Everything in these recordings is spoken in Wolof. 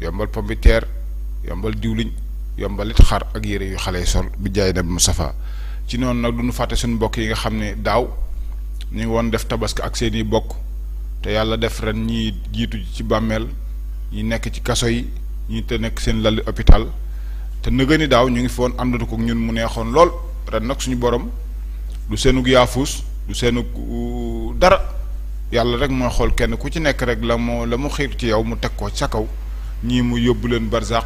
yombal pombiteer yombal diwliñ yombal it xar ak yére yu xale yi sol bi jaay na bi Moustapha ci noonu nag du fàtte seen mbokk yi nga xam ne daaw ñu ngi woon def tabaski ak seeni bokk te yàlla def ren ñii jiitu ci bàmmeel ñi nekk ci kaso yi ñi te nekk seen lali hôpital te nëgë ni daaw ñu ngi fi woon àndatu ko ñun mu neexoon lool ren nag suñu borom du seenug yaafuus du seenug uh, dara yàlla rek mooy xool kenn ku ci nekk rek la moo la mu xiir ci yow mu teg ko sa kaw ñi mu yobul leen barzak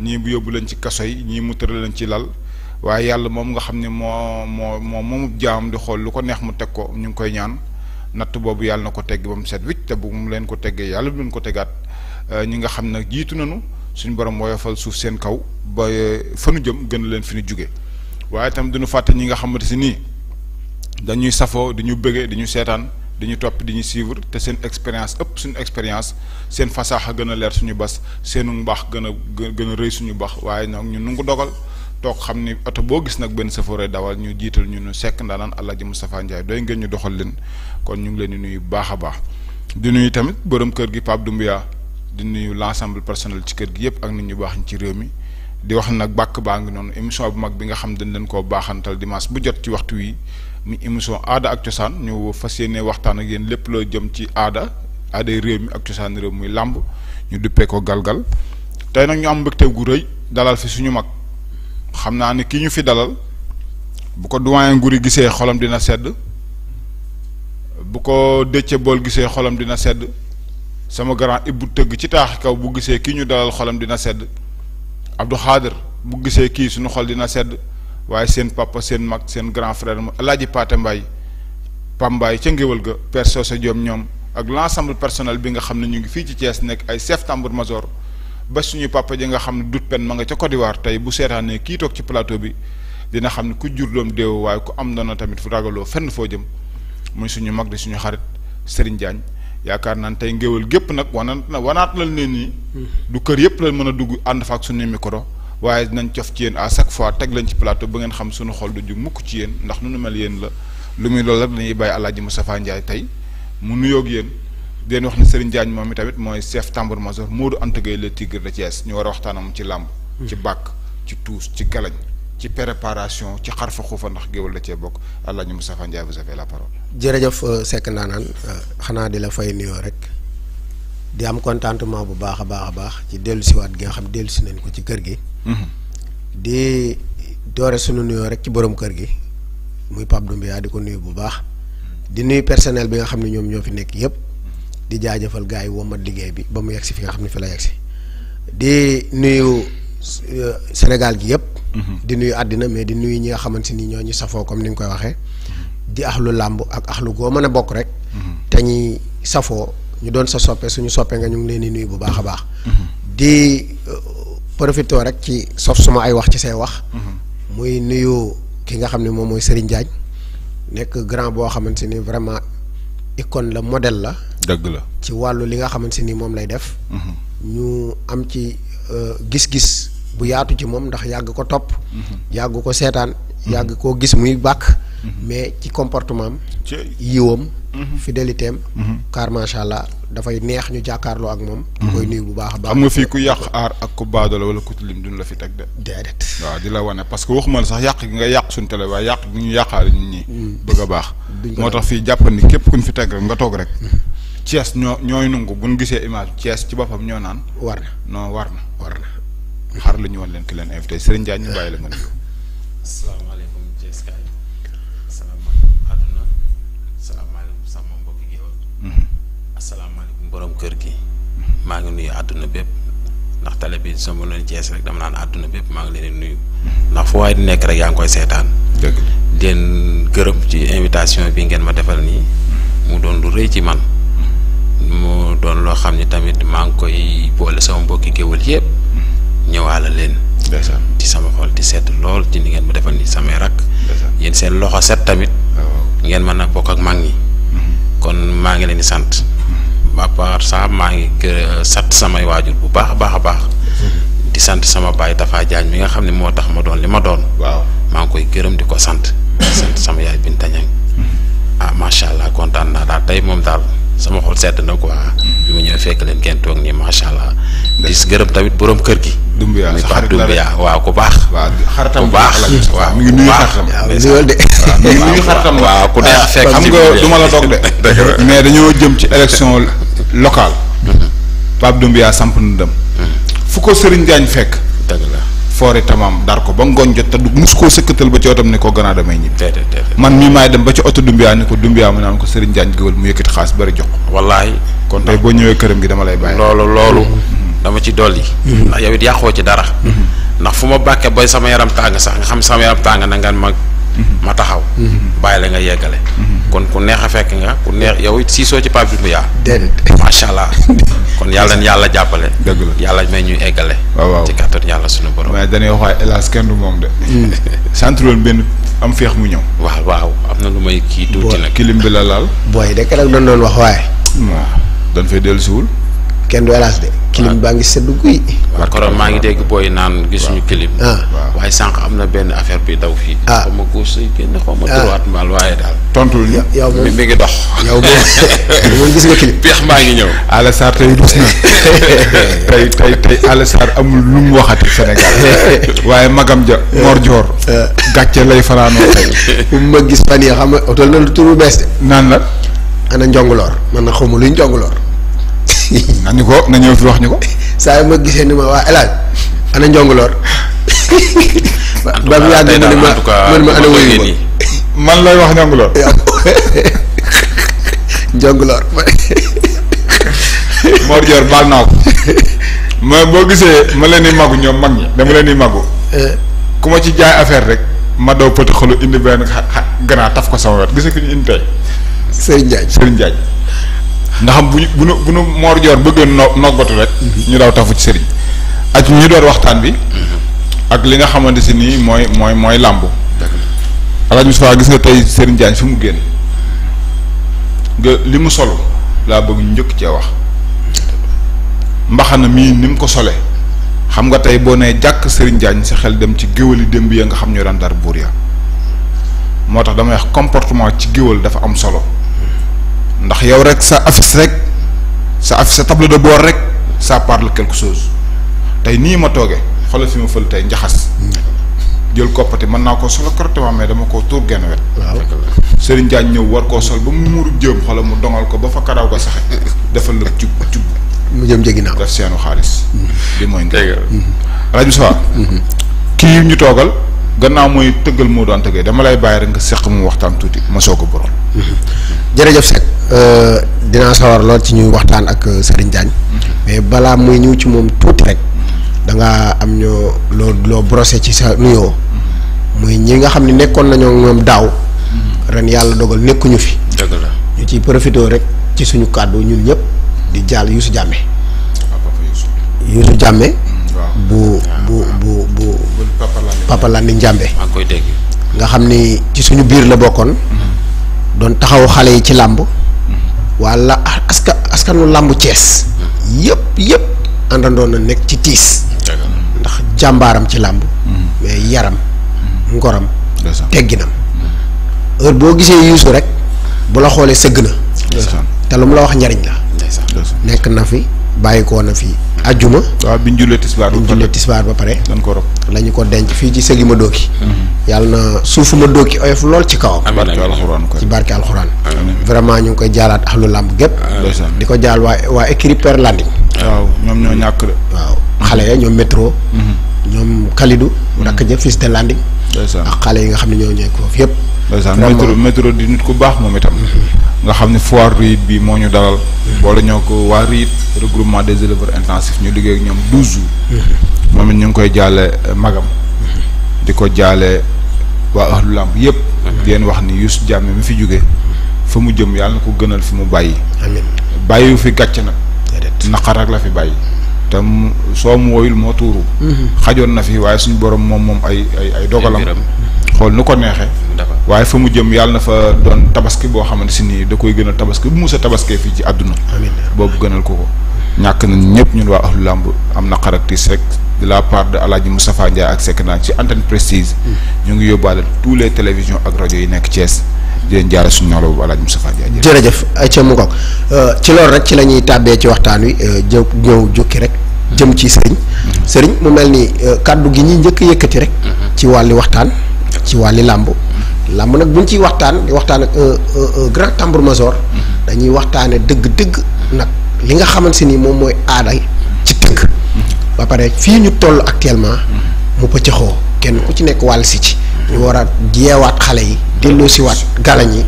ñi mu yobul leen ci kassay ñi mu teural leen ci lal waaye yalla mom nga xam mo mo moo jam jaam di xol lu ko neex mu tek ko ñu ngi koy ñaan nat bobu yalla nako tegg bam set wicc te bu mu leen ko teggee yalla bu leen ko tegaat euh, ñi nga xam jitu nañu suñu borom moy fal suuf seen kaw ba euh, fañu jëm gën leen fini juggé waye tam duñu fatte ñi nga xamante dañuy safo dañu bëggee dañu sétane dañuy top diñu suivre té seen expérience ëpp suñu expérience seen fasaha gëna a leer suñu bas seenu mbaax gën gëna gën a suñu bax waaye nak ñun nu ngi dogal tok xamni auto bo gis nak ben safoore dawal ñu jiital ñu nu sekk ndaanaan Alaaji Moustapha Ndiaye doy ngeen ñu doxal leen kon ñu ngi leen nuyu baaxa baax di nuyu tamit borom kër gi Pape Doumbia di nuyu l'ensemble personnel ci kër gi yépp ak nit ñu baax ci réew mi di wax nak bak baangi non émission bu mag bi nga xam dañ leen ko baaxantal dimanche bu jot ci waxtu wi mi émission aada ak cosaan ñu fas yéene waxtaan ak yéen lépp loo jëm ci aada aaday réew mi ak cosaan réew muy làmb ñu duppee ko galgal tey nag ñu am mbégte gu rëy dalal fi suñu mag xam naa ni kii ñu fi dalal bu ko doyen Ngoury gisee xolam dina sedd bu ko Déthié Boll gisee xolam dina sedd sama grand bu tëgg ci taaxi kaw bu gisee kii ñu dalal xolam dina sedd Abdou Khader bu gisee kii suñu xol dina sedd waaye sen papa sen Mak, sen grand frère mu alaaji mbay pam bay ci ngeewal ga perso sa jom ñom ak l'ensemble personnel bi nga xamne ñu ngi fi ci ties nek ay chef major ba suñu papa ji nga xamne dut pen ma nga ci Côte d'Ivoire tay bu sétane ki tok ci plateau bi dina xamne ku jur dom déew way ku am ndono tamit fu ragalo fenn fo jëm muy suñu mag de suñu xarit Serigne Diagne yaakar nan tay ngeewal gep nak wanat na wanat la ni du keur yep la meuna dugg and fa suñu micro waaye dinañ cof ci yéen à chaque fois teg lañ ci plateau ba ngeen xam sunu xol du ju mukk ci yéen ndax nu nu mel yéen la lu muy loolu rek dañuy bàyyi Alaaji Moustapha Ndiaye tey mu nuyoog yéen di leen wax ne Serigne Diagne moom itamit mooy chef tambour major Modou Anta Gueye le tigre de Thiès ñu war a waxtaanam ci làmb ci bàkk ci tuus ci galañ ci préparation ci xarfa xuufa ndax géwal la cee bokk Alaaji Moustapha Ndiaye vous avez la parole jërëjëf euh, Seck Ndaanaan euh, xanaa di la fay nuyoo rek di am contentement bu baax a baax a baax ci dellusiwaat gi nga xam dellusi nañ ko ci kër gi di doore suñu nuyoo rek ci borom kër gi muy Pape Doumbia di ko nuyu bu baax di nuyu personnel bi nga xam ne ñoom ñoo fi nekk yëpp di jaajëfal gars yi womat liggéey bi ba mu yegg si fi nga xam ne fi la yegg si di nuyu euh, Sénégal gi yëpp. di nuyu àddina mais di nuyu ñi nga xamante ni ñoo ñu safoo comme ni nga koy waxee. di axlu làmb ak axlu goo mën a bokk rek. te ñi safoo ñu doon sa soppe suñu soppee nga ñu ngi leen di nuyu bu baax a baax. di. profité rek ci sof suma ay wax ci say wax. muy nuyu ki nga xam ne moom mooy Serigne Diagne nekk grand boo xamante ni vraiment icône la modèle la. dëgg la ci wàllu li nga xamante ni moom lay def. Mhm. ñu am ci euh, gis-gis bu yaatu ci moom ndax yàgg ko topp. Mhm. yàgg ko seetaan. yàgg koo gis muy bàkk mhm. mais ci comportement am yiwam mhm. fidélité am mhm. car macha allah dafay neex ñu jàkkaarloo ak moom koy nuyu bu baax a baax xam nga fii ku yàq aar ak ku baadola wala ku tilim duñ la fi teg de déedéet waaw di la wane parce que waxuma la sax yàq gi nga yàq suñ télé waaye yàq gi ñu yàqaale nit ñi mm. bëgg a baax moo tax fii jàppandi képp kuñ fi teg rek nga toog rek mm. Thiès ñoo ñooy nungu buñ gisee image Thiès ci boppam ñoo naan war na non war na war na xar la ñu woon leen leen invité Serigne Ndiagne ñu bàyyi la nga asalaamaaleykum Thiès kaay asalaamaaleykum àdduna asalaamaaleykum sama mbokki géwël mhm. asalaamaaleykum borom kër gi maa ngi nuyu àdduna bépp ndax télé bi soo mënoon Thiès rek dama naan àdduna bépp maa ngi leen nuyu mhm. ndax fu waaye di nekk rek yaa ngi koy seetaan dëgg leen gërëm ci invitation bi ngeen ma defal nii mhm. mu doon lu rëy ci man mu doon loo xam ni tamit maa ngi koy boole sama mbokki géwël yépp ñëwaale leen. di sama xol di sedd lool ci ni ngeen ma defal nii samay rakk. yéen seen loxo set tamit. Ah, ngeen mën a bokk ak mag ñi. Mm-hmm. kon maa ngi leen di sant. Mm-hmm. à part ça maa ngi euh, sant samay waajur bu baax a baax a baax. Mm-hmm. di sant sama baay Tafa Diagne mi nga xam ne moo tax ma doon li ma doon. waaw maa ngi koy gërëm di ko sant. sant sama yaay Binta Niang ah macha allah kontaan naa daal tey moom daal sama xol sedd na quoi. ñëw fekk leen kenn toog nii macha allah. di gërëm tamit borom kër gi. Dumbuya sa xarit la waaw ku baax. waaw bu baax waaw mi ngi nuyu xaritam. waaw de mi ngi nuyu xaritam. waaw ku neex ah, fekk xam nga du la dog de. mais dañoo jëm ci élection locale. Mm-hmm. Pape Dumbuya samp na dem. Mm-hmm. fu ko Serigne Diagne fekk. foore tamaam dar ko ba ngoon jot te du mus koo sëkkatal ba ci otam ne ko gannaaw damay ñibbi man mii maay dem ba ci oto dumbiyaa ne ko dumbiyaa ma naan ko Serigne Diagne Guewel mu yëkkati xaas bari jox wallaahi kon tey boo ñëwee këram gi dama lay bàyyi loolu loolu mm-hmm. dama ci dolli mm-hmm. ndax yow it yàqoo ci dara mm-hmm. ndax fu ma bàkke bay sama yaram tàng sax nga xam sama yaram tàng na nga ma ma taxaw bàyyi la nga yeggale kon ku neex a fekk nga ku neex yow it siisoo ci bi mu yaa. déedéet macha allah. kon yàlla na yàlla jàppale. dëgg la yàlla may ñuy eggale. waaw waaw ci kàttan yàlla sunu borom. waaye dañuy wax waaye kenn du moom de. Mm. sant loolu benn am feex mu ñëw. waaw waaw am na lu may kii tuuti nag. kilim bi la laal. booy de keroog doon doon wax waaye. waaw dan fay dellusiwul. kenn du hélas de. kilim baa ngi seddu guy. maa ngi dégg booy naan gisuñu kilim. Ah. Ah. waaye sànq am na benn affaire bi daw fii. ah xaw ah. mal waaye daal. tontul ñu. yow moom mi gis nga kilim. peex maa ngi ñëw. Alla Sarr amul lu mu waxati Sénégal waaye Magam ja Mor Dior. lay fanaanoo tey. bu ma gis fan yii xam a oto na lu turu bees de. naan la. ana njongoloor man na xaw ma luy njongoloor. nañu ko na fi wax ñu ko. saa yi ma gisee ni ma waa El Hadj ana ma man ma lay wax njongoloor. njongoloor. Mor ma boo gisee ma leen di màggu ñoom mag ñi dama leen di màggu. Eh. ku ma ci jaay affaire rek ma daw pëti xolu indi benn xa gannaaw taf ko sama wet gis ki ñu indi tey. Serigne Diagne Serigne Diagne. nga xam bu bu nu bu nu no noggatu rek. ñu daw tafu ci sëriñ. ak ñu door waxtaan bi. ak li nga xamante si nii mooy mooy mooy làmb. alaaj Moustapha gis nga tey Serigne Diagne fi mu génn nga li solo laa bëgg njëkk cee wax mbaxana mii nim mu ko solee xam nga tey boo nee jàkk Serigne Diagne sa xel dem ci géwali démb ya nga xam ñoo daan dar ya moo tax wax comportement ci géwal dafa am solo ndax yow rek sa affiche rek sa affiche sa table de bord rek ça parle quelque chose tey nii ma toogee xoolal si ma fël tey njaxas jël koppati mën naa koo solo correctement mais dama koo tuur genn wet Serigne Diagne ñëw war koo sol ba mu muuru jëm xoolal mu dongal ko ba fa karaw ko saxe defal la cub cub mu jëm jéggi naaw def seenu xaalis li mooy ndéeg rajo mm-hmm. ñu toogal gannaaw mooy tëggal moo doon tëggee dama lay bàyyi rek nga seq mu waxtaan tuuti ma soog a borom. Mm-hmm. jërëjëf Seck euh, dinaa sawar lool ci ñuy waxtaan ak euh, Serigne Diagne. Mm-hmm. mais balaa muy ñëw ci moom tuuti rek. Mm-hmm. danga am ñoo loo loo brosser ci sa nuyoo. muy ñi nga xam ne nekkoon nañoo ñoom daaw. ren yàlla dogal nekkuñu fi. dëgg la ñu ciy profité rek ci suñu kàddu ñun ñëpp di jàll Youssou Diame. Youssou Diame. Mm, bu bu bu. Papa Landing Njàmbe maa ngi nga xam ni ci suñu biir la bokkoon mm-hmm. doon taxaw xale yi ci làmb mm-hmm. wala aska askanu làmb Cees mm-hmm. yëpp yëpp àndandoo na nekk ci tiis ndax jàmbaaram ci làmb mais yaram ngoram tegginam heure boo gisee yuusu rek bu la xoolee sëgg na te lu mu la wax njariñ la nekk na fi bàyyi ko na fii ajjuma waaw bi ñu jullee tisbaar bi ba pare dañ ko rob la denc fii ci sëgi ma dooki mhm. yàlla na suufu ma dooki oyof lool ci kawam ci barke alxuraan vraiment ñu ngi koy jaalaat axlu làmb gépp di ko jaal waa waa écrit per landing waaw ñoom ñoo ñàkk waaw xale ya ñoom métro mhm. ñoom Kalidou mhm. rakk ja fils landing ak xale yi nga xam ne ñoo ñëw foofu yëpp. métro métro di nit ku baax moom itam. Mm-hmm. nga xam ne foire RIIT bi moo ñu daral mm-hmm. boole ñoo ko waa RIIT regroupement des éleveurs intensifs ñu liggéey ak ñoom douze jours. Mm-hmm. moom it ñu ngi koy jaale euh, magam. di ko jaale waa ahlu làmb yëpp. di wax ni Youssou Diame mi fi jóge fa mu jëm yàlla na ko gënal fi mu bàyyi. amiin bàyyiwu fi gàcce nag. naqar rek la fi bàyyi. te soo mu woyul moo tuuru. Mhm. xajoon na fi waaye suñu borom moom moom ay ay ay dogalam. xool nu ko neexee. waaye fa mu jëm yàlla na fa doon tabaski boo xamante si nii da koy gënal tabaski bu musa tabaskee fii ci àdduna. boobu gënal ko ko. ñàkk nañ ñëpp ñun waa ahlu làmb am na caractère rek de la part de El mu Moustapha Ndiaye ak sekk naa ci antenne prestige. Mhm. ñu ngi yóbbaale tous les télévisions ak rajo yi nekk Thiès. di leen jaarale suñu naawloo bu El jërëjëf ayca mu ngoog ci loolu rek ci la ñuy tàbbee ci waxtaan wi euh, jë ñëw jukki rek. jëm ci sëriñ. Mm-hmm. sëriñ mu mel ni euh, kàddu gi ñuy njëkk yëkkati rek. Mm-hmm. ci wàlli waxtaan ci wàlli làmb. Mm-hmm. làmb nag buñ ciy waxtaan waxtaan ak un euh, grand tambour dañuy waxtaane dëgg-dëgg. nag li nga xamante ni moom mooy aaday. ci tëgg. ba pare fii ñu toll actuellement. mu pëccëxoo. kenn ku ci nek wàll si ci ñu wara jéwaat xalé yi delloo ci wat galañ yi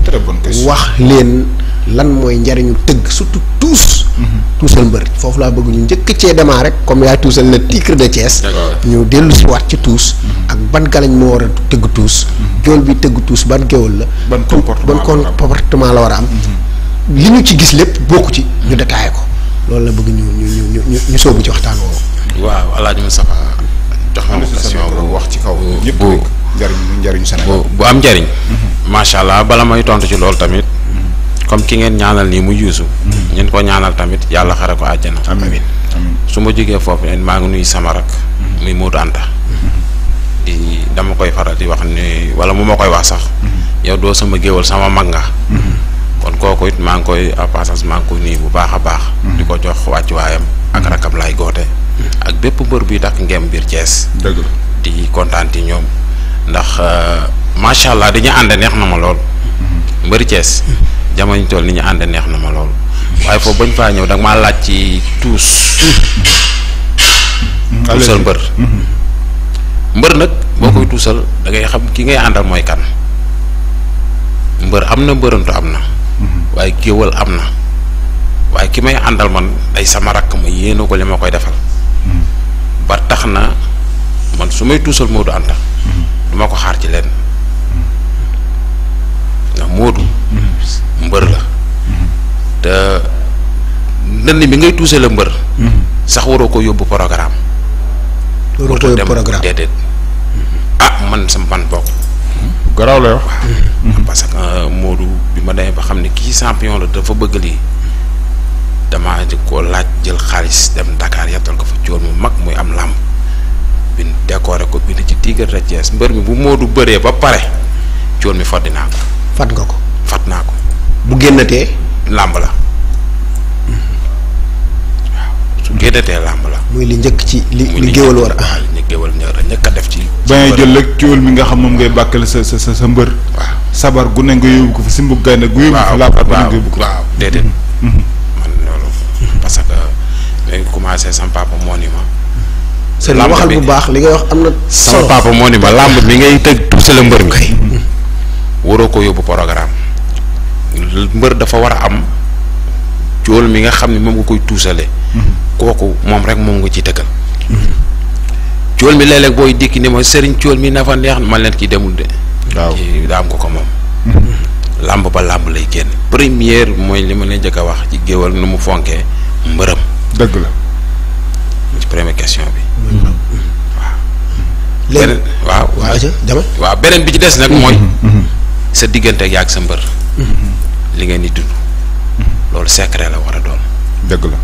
wax leen lan moy ndariñu teug surtout tous mhm. tuusal mbër fofu la bëgg ñu jëk ci déma rek comme ya tousal na titre de Thiès ñu dellu ci wat ci tous mhm. ak ban galañ mo wara teug tous tuus mhm. bi teug tous ban géwal la ban comportement la wara am li ñu ci gis lepp bokku ci ñu détaillé ko loolu la bëgg ñu ñu ñu ñu soobu ci waxtaan wo waaw alaaj Moustapha taxaw anu na wax ci kaw ñepp euh, njariñ njariñ sénégal bu am njariñ mhm. masha Allah bala may tontu ci lool tamit mhm. comme ki ngeen ñaanal ni mu yuusu ñen mhm. ko ñaanal tamit yalla xara ko aljana amin suma joge fofu en ma ngi nuy sama rak muy modu anta di dama koy faral di wax ni wala mu ma wax sax yow do sama geewal sama mag kon koku it ma ngi koy a ma ngi koy nuy bu baaxa baax diko jox waccu wayam ak rakam lay ak bépp mbeur bi tak ngem bir ties deug di kontaan ñom ñoom ndax euh, macha allah dañu ànd neex na ma lool. mbeur ties jamono ñu toll ni ñu ànd neex na ma lool way fo bañ fa ñew dag ma laacc ci tous tousal mbeur mbeur nak bokoy tousal da ngay xam ki ngay andal moy kan. mbeur amna na mbërantu mhm. am na. waaye géwal ki may man ay sama rak ma yéene limakoy defal ba tax na man sumay tousal modou Moodu Anta duma ko xaar ci len na modou mbeur la te ndënd mi ngay tuusale mbeur sax waroo ko yobbu programme waroo ko yobbu programme dedet ah man sam ban bok graw lay wax parce que modou bima day ba xamni ki champion la dafa bëgg li dama ko laaj jël xaliss dem Dakar yatal ko fa joor mu mag muy am lamb bin décoré ko bin ci Tigre apa mbeur mi bu modou beure ba pare joor mi faddi ko fat nga ko fat naa ko bu génnatee lamb la su génnatee lamb la muy li njëkk ci li li war ah li géwal ñëkk a def ci bay jël ak ciol mi nga xam mom ngay bakkel sa sa sa mbeur sabar gu ne nga yóbbu ko fa simbu gaynde gu yóbbu fa làmb nga ko waaw parce que dañ commencé sama papa monument seen waxal bu baax li ngay wax am na. sama papa monument làmb mi ngay tëgg tuuti la mbër ngay mm-hmm. waroo ko yóbbu programme mbër dafa war a am jool mi nga xam ne moom nga koy tuusale mm-hmm. kooku moom rek moom nga ciy tëkkal mm-hmm. jool mi léeg-léeg booy dikki ni ma sëriñ jool mi na fa neex man leen ki demul de waaw daa am ko ko moom lamb ba lamb lay génn première moy li ma lay jëkk wax ci géwal numu fonké mbeureum deug la ci première question bi waaw léegi waaw waaw dama waaw beneen bi ci des nag mm-hmm, mooy mm-hmm. sa digënté ak sa mbeur mm-hmm. li ngeen di dund lool secret la wara doon deug la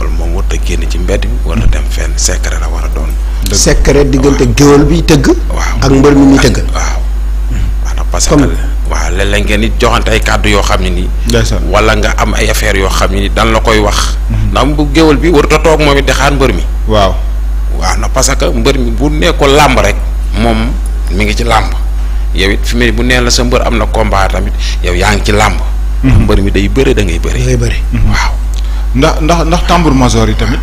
loolu mo mo te génn ci mbedd bi war dem fenn secret la wara doon secret digënté géwal bi teug ak mbeur mi ni teug waaw na parce que waaw léeg-léeg ngeen di joxante ay kàddu yoo xam ne nii wala nga am ay affaire yoo xam ne ni dan la koy wax mhm. ndax bu géwal bi warut a toog moom it di xaar mbër mi waaw waaw na parce que mbër mi bu nee ko làmb rek moom mu ngi ci làmb yow it fi mu bu nee la sa mbër am na combat tamit yow yaa ngi ci làmb mhm. mbër mi day bëre da ngay bëre mhm. waaw ndax ndax ndax tambour major yi tamit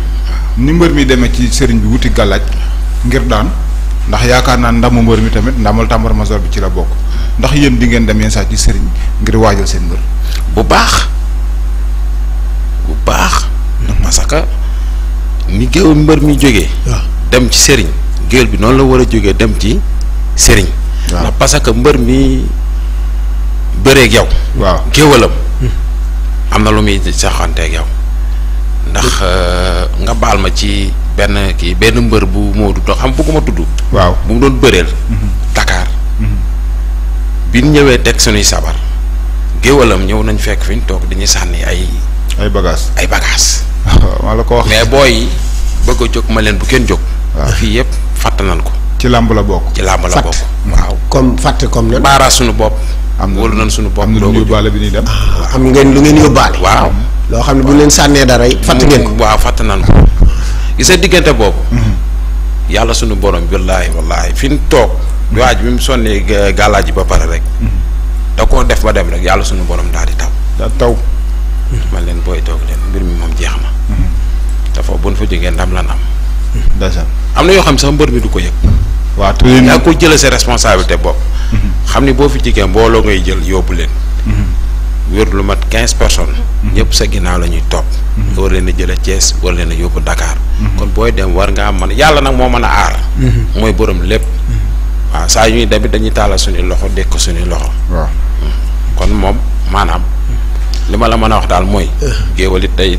ni mbër mi deme ci sëriñ bi wuti gàllaaj ngir daan ndax yaakaar naa ndamu mbër mi tamit ndamal tambour major bi ci la bokk ndax yeen di ngeen dem yenn saa ci serigne ngir wajjal seen mbër bu baax bu baax ndax saka ni geew mbeur mi joge dem ci serigne geel bi non la wara joge dem ci serigne ndax parce que mbeur mi bëreeg yow waaw géwalam hmm. am na lu muy ak yow ndax hmm. euh, nga bal ma ci ben ki ben mbeur bu modou do xam ma tudd waaw bu mu don beurel hmm. Dakar biñ ñëwé tek suñuy sabar gëwalam ñëw nañ fekk fiñ tok diñu sanni ay. ay bagage ay bagage ma la ko wax mais fatananku, yi bëgg a ma leen bu kenn jóg. waaw fii yëpp nañ ko. ci lamb la bok ci lamb la bok mm. waaw. comme fat comme lan. bara suñu bop am wol nañ suñu bop do ñu balé bi ni dem. Ah, am ngeen lu ngeen yóbbaale. waaw lo xamni bu ñu leen sanné dara yi. ngeen ko mm, waaw ko. gisé digënté bop suñu borom billahi wallahi fiñ tok waaj bi mu sonnee gàllaaj ji ba pare rek. Mm-hmm. da koo def ba dem rek yàlla suñu borom daal di taw. daal taw. man leen booy toog leen mbir mi moom jeex ma. dafa buñ fa jógee ndam lan am. Mm-hmm. dèjà am na yoo xam sax mbër mi du ko yëg. waaw tuuti yaa ko jëlee sa responsabilité bopp. Mm-hmm. xam ni boo fi jigéen mbooloo ngay jël yóbbu leen. wér lu mat quinze personnes. ñëpp sa ginnaaw la ñuy topp. war leen a jëlee Thiès leen a yóbbu Dakar. kon booy dem war nga ngaa mën yàlla nag moo mën a aar. mooy lépp. waaw saa ñuy demit dañuy taalal suñu loxo dégg ko suñuy loxo. Hmm. kon moom maanaam li ma la mën a wax daal mooy. Eh. géewal it day.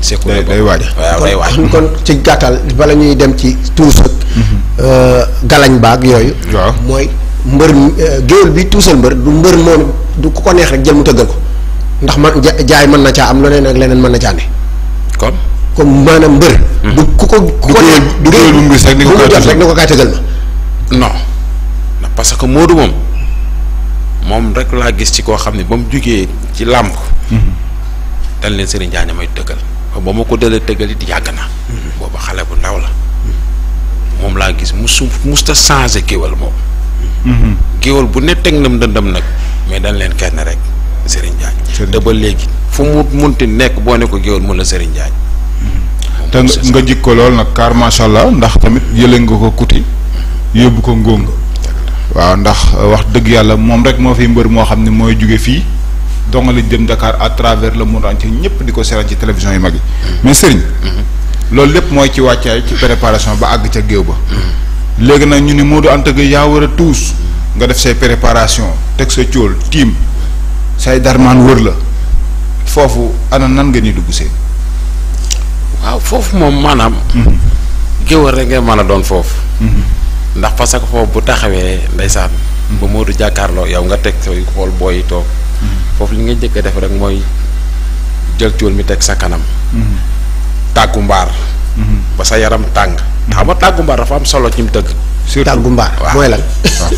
seku day day waaj waaw day waaj kon ci gàttal bala ñuy dem ci tuus mm-hmm. euh, galañ baag yooyu. waaw mooy mbër euh, géewal bi tuusal mbër du mbër moom du ku ko neex rek jël mu tëggal ko ndax man jaay mën na caa am leneen ak leneen mën na caa ne. kon comme maanaam mbër. Mm-hmm. du ku ko ku ko neex du géewal bu rek ni ko kaay tëggal ma non. parce que Modou moom moom rek laa gis ci koo xam ne ba mu jugee ci làmb mm-hmm. dañ leen Serigne Ndiagne may tëggal ba ma ko dalee tëggal it yàgg na mm-hmm. booba xale bu ndaw la mm-hmm. moom laa gis mu suuf musu musta changé géwal moom géwal bu ne teg nam dëndam mais dañ leen kenn rek Serigne Ndiagne ba léegi fu mu nekk boo ne ko géwal mun la Serigne Ndiagne te nga jik ko lool nag car macha ndax tamit yële nga ko kuti yóbbu ko ngónga waaw ndax euh, wax dëgg yàlla moom rek moo fi mbër moo xam ne mooy jóge fii dongale jëm ndakaar à travers le monde entier ñëpp di ko seetaan ci télévision yu mag yi mais sëriñ mhm. loolu lépp mooy ci wàccaay ci préparation ba àgg ca géew ba mhm. léegi nag ñu ne Modou Anta Gueye yaa war a tuus nga def say préparation teg sa cóol tiim say darmaan wër la foofu ana nan nga ni dugg see waaw foofu moom maanaam mhm. géwël rek ngay mën a doon foofu ndax parce que foofu bu taxawé ndaysan bu modou jakarlo yow nga tek soy xol boy tok foofu li nga jëk def rek moy jël ciul mi tek sa kanam tàggu mbaar ba sa yaram tang xam nga tàggu dafa am solo ci mi tëgg surtout tàggu mbaar mooy lan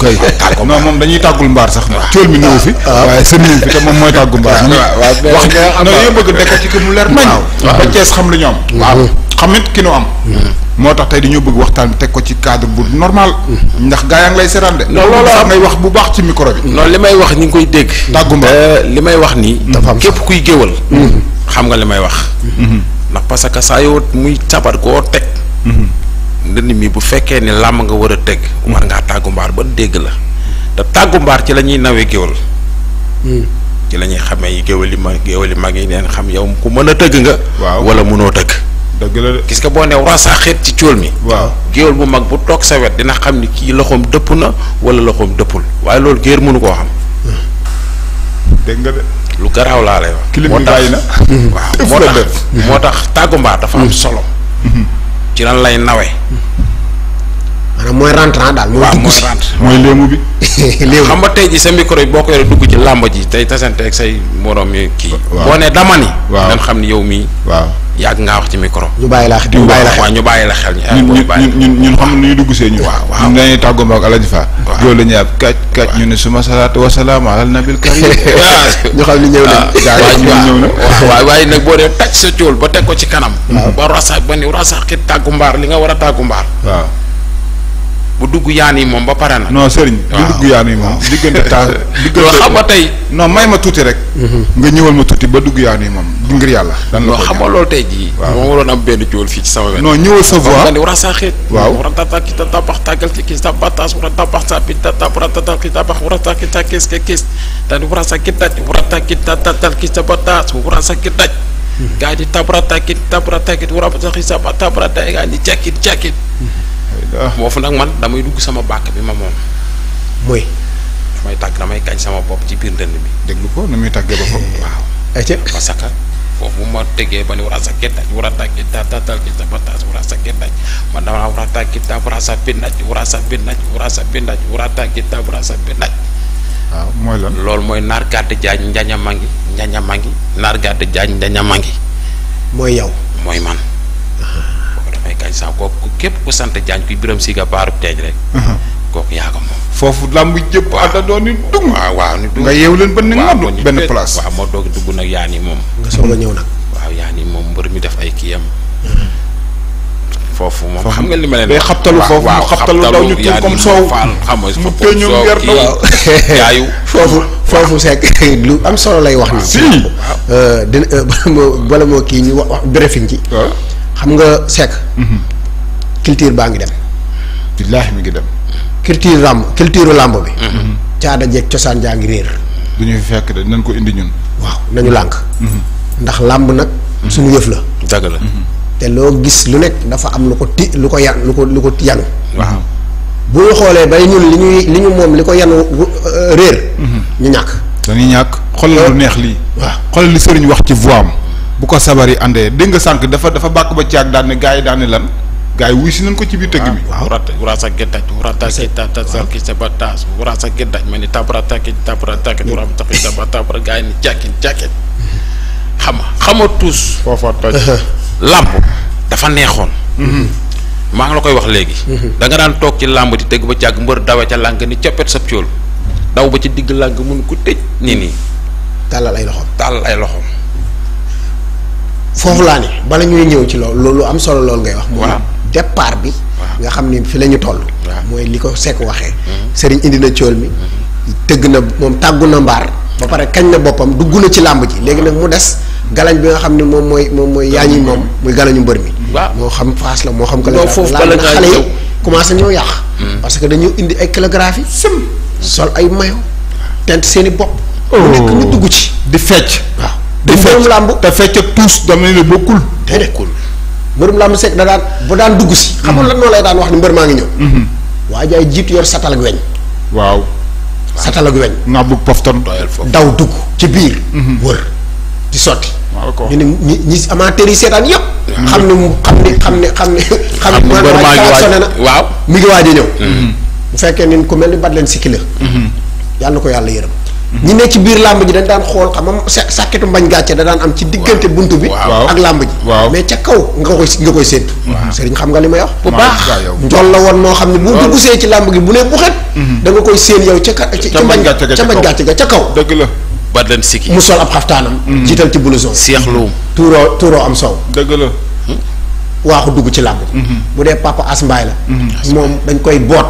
koy kay tàggu non moom dañuy tàggul mbar sax na ciul mi ñëw fi ah. waye sën nañ fi te mom moy takumbar, mbaar wax nga non bëgg dekk ci ku mu leer nañ ba Thiès xam lu ñom waaw xam nit ki nu am moo tax tey dañoo bëgg waxtaan bi ko ci cadre bu normal ndax gaa yaa ngi lay seetaan de loolu am ngay wax bu baax ci micro bi non li may wax ni ngi koy dégg tàggumba euh, li may wax ni dafa am képp kuy géwal mm-hmm. xam nga li may wax mm-hmm. ndax parce que saa yoo muy sabar koo teg mm-hmm. ndënd mi bu fekkee ni làmm nga war tek teg war ngaa tàggu mbaar ba dégg la te tàggu mbaar ci la ñuy nawee mm. ci la ñuy xamee géwal ma géwal yi mag yi xam yow ku nga wala mënoo dëgg la de gis nga boo ne rasa xeet ci cóol mi. waaw géwél bu mag bu toog sa wet dina xam ni kii loxoom dëpp na wala loxoom dëppul waaye loolu géer mënu koo xam. dégg nga de. lu garaaw laa lay wax. kilim bi bàyyi na waaw moo tax moo tax tàggu mbaa dafa am solo. ci lan lay nawe. maanaam mooy rentrant daal. mooy dugg si mooy léemu bi. léemu xam nga tey ji sa micro yi boo ko yoree dugg ci làmb ji tey tasante ak say morom yi kii. waaw boo nee dama ni. waaw dañ xam ni yow mii. waaw yàgg ngaa wax ci micro. ñu bàyyi la ñu bàyyi la xel waaw ñu bàyyi ñu ñun dugg see ñu. waaw waaw ñun dañuy tàggoo ak Aladji Fa. waaw loolu la ñuy ab kaaj kaaj ñu ne suma salaatu wa salaam ala nabil karim. ñu xam ni ñëw nañ. gaa ah, yi ñu ñëw na waaw waaye nag boo dee taj sa cóol ba teg ko ci kanam. ba rasax ba ni rasax ki tàggu mbaar li nga war a tàggu mbaar. waaw bu dugg yaan yi moom ba pare na. non sëriñ. bu dugg yaan yi moom diggante taal. diggante xam nga tey. non may ma tuuti rek. nga ñëwal ma tuuti ba dugg yaan yi moom di ngir yàlla. dan la xam nga loolu tey jii. waaw moo waroon am benn cóol fii ci sama wet. non ñëwal sa voix waaw dañuy war a saaxee. waaw war a tata ki tata bax tàggal ki kis tata tas war a tabax sa bi tata war a tata ki tabax war a tata ki ta kis ke kis dañu war a sa ki daj war a ta ki tata tal ki sa ba tas war a sa ki daj. gaa yi di tabrata ki tabrata ki war a sa ki sa ba tabrata gaa yi di jakkit jakkit foofu nak man damay dugg sama bak bi ma mom moy damay tag damay kañ sama bop ci demi, dënd bi deglu ko namay tagge ba ko waaw ayca ci que foofu bu ma tege ba ni war sa geddaaj war a ta daa tatal ki sa bataas war sa geddaaj man dama wara tagge ta wara sa bindaaj war wara sa bindaaj war wara sa mangi, war wara tagge ta wara sa waaw moy lan lol moy nar gadd jaaj njaña mangi njaña jaaj njaña mangi moy yow man rek ay sa ko kep ko sante jagn kuy biram siga baru baaru rek kooku yaa ko moom foofu lamb jëpp ànda do ni dung wa wa ni dung nga yew len ben nga do ben place wa mo doog dug nak yani mom nga so nga ñew nak wa yani mom moom mi def ay kiyam fofu mom xam nga li ma len xaptalu fofu mu xaptalu daw ñu tu comme soow mu ñu yer do yaayu fofu fofu sek lu am solo lay wax ni euh, euh bala mo ki ñu wax briefing ci xam nga sekk mhm. culture baa ngi dem billaahi mi ngi dem culture làmb culture làmb bi mhm. caada jeeg cosaan jaa ngi réer du ñu fekk de nañ ko indi ñun waaw nañu lànk mhm. ndax làmb nag suñu yëf la dëgg la te loo gis lu nekk dafa am lu ko ti lu ko yan lu ko lu ko yanu waaw xoolee bay ñun li ñuy li ñu moom li ko yanu euh, réer ñu ñàkk dañuy ñàkk xoolal lu neex lii waaw xoolal li sëriñ wax ci voix am bu ko sabari ande de nga sank dafa dafa bak ba ci ak ne gars yi daan ne lan gaay yi wuy si nañ ko ci biir tëgg mi waaw ta geddaj wurata kita tasarki saba tas sa gedda man ni tabra ki tabra taki wuram taki saba tabra par gaay ni jàkkin jàkkin xama xama tous foofa toj lamb dafa neexon ma mm-hmm. nga la koy wax legi mm-hmm. da nga dan tok ci lamb di tëgg ba caag mbeur dawa ci lang ni coppet sa cool daw ba ci digg lang mu ko tej ni ni talal ay loxom talal ay loxom foofu laa ne bala ñuy ñew ci lool lool am solo lool ngay wax. waaw départ bi. nga xamni fi lañu toll. moy liko sék waxé mm-hmm. sëriñ indi na ciol mi. teug na mom tàggu na mbar ba paré kañ na bopam duggu na ci lamb ji légui nak mu dess galañ bi nga xamni mom moy mom moy yañi mom muy galañu mbeur mi. mo xam fas la mo xam. ko la laaj commencé ñoo yaax mm-hmm. parce que dañu indi ay calligraphie sim sol ay mayo tent seeni bop oh. nek ñu duggu ci di fecc waaw di fecc lamb te fecc tous dama ne bokkul bokkul mbeurum lamb sek da daan bu daan dugg si mm-hmm. xamul lan no lay daan wax ni mbeur ma ngi ñew mm-hmm. wajaay jitu yor satal ak weñ waaw satal ak weñ nga bu pofton daw dugg ci biir mm-hmm. wër di sotti ñu ni ñi amateur yi setan yépp xam ni xam ni xam ni xam mbeur ma ngi waaj waaw mi ngi waaj ñew bu fekkee ni ku mel ni bat sikila yalla ko yalla yërëm ñi ne ci biir làmb ji dañ daan xool xam nga sàkketu mbañ gàcce da daan am ci diggante bunt bi ak làmb ji mais ca kaw nga koy nga koy séentu sëriñ xam nga li may wax bu baax njool la woon moo xam ne bu duggsee ci làmb gi bu ne buxet mhm. da nga koy séen yow ca ca mbañ ca mbañ gàcce ga ca kaw dëgg la ba leen sikki mu sol ab xaftaanam mhm. jiital ci blouson seexlu tuuroo tuuroo am sow dëgg la hmm? waaxu dugg ci làmb ji mhm. bu dee papa as mbaay la moom dañ koy boot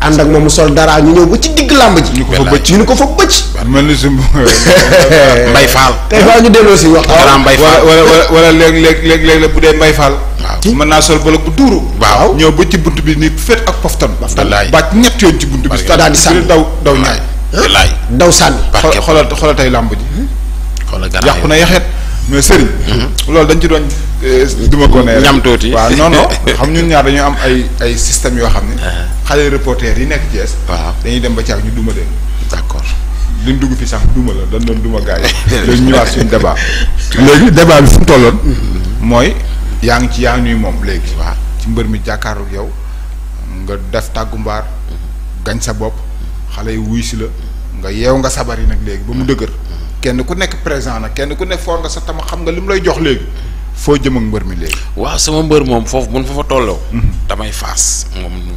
ànd ak moom sol dara ñu ñëw ba ci digg làmb ji. ñu ko fa bëcc ñu ko fa bëcc. mel ni suñu mbay faal. tey faa ñu delloo si wax. wala mbay faal wala wala léeg-léeg léeg-léeg la bu dee mbay faal. waaw mën naa sol bolo bu duuru. waaw ñëw ba ci bunt bi ni fet ak poftan. wallaay bàcc ñett yoon ci bunt bi. daal di sànni daw daw ñaay. wallaay daw sànni. xoolal xoolal tey làmb ji. xoolal garab yàqu na yaxet mais sëriñ. Mm-hmm. loolu dañ ci doon euh, duma ko ne. ñam tuuti waaw non non xam ñun ñaar dañu am ay ay système yoo xam ne ah. xalé reporter yi nek Thiès waaw dañuy dem ba ci ak ñu duma leen d'accord liñ dugg fi sax duma la dañ doon duma gaay dañ ñëwaat suñu débat légui débat bi fu tollon moy mm-hmm. yaang ci yaang ñuy mom légui wa ci mbeur mi jakarlu yow nga def tagu mbar mm-hmm. gañ sa bop mm-hmm. xalé yi wuy ci la nga yew nga sabari nak légui ba mu deuguer kenn ku nek présent nak kenn ku nek for nga sa tam xam nga lim lay jox légui fo jëm ak mbeur mi légui wa sama mbeur mom fofu buñ fa tollo damay face mom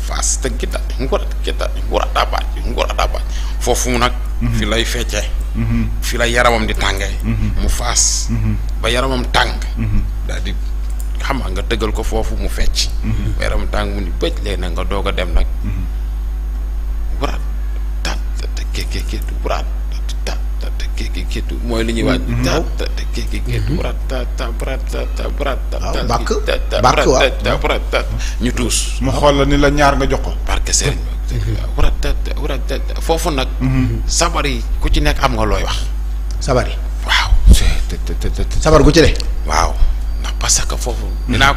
face tëggita ngura a ngura daabaaj a daabaaj foofu nag mhm. fi lay feccee mhm. fi la yaramam di tàngee mhm. mu faas ba yaramam tàng daal di xam nga tëggal ko foofu mu fecc ba yaramam tàng mu ni bëj léegi nag nga doog a dem nag wuraat tat ke wuraat mooy li ñuy waaj. Mhm. waaw bàkk bàkk waaw ñu tuus. ma xool la ni la ñaar nga jox ko. barke Serigne foofu nag. Mhm. sabar yi ku ci nekk am nga looy wax. sabar yi. waaw. sabar gu ci de. waaw ndax parce que foofu. dinaa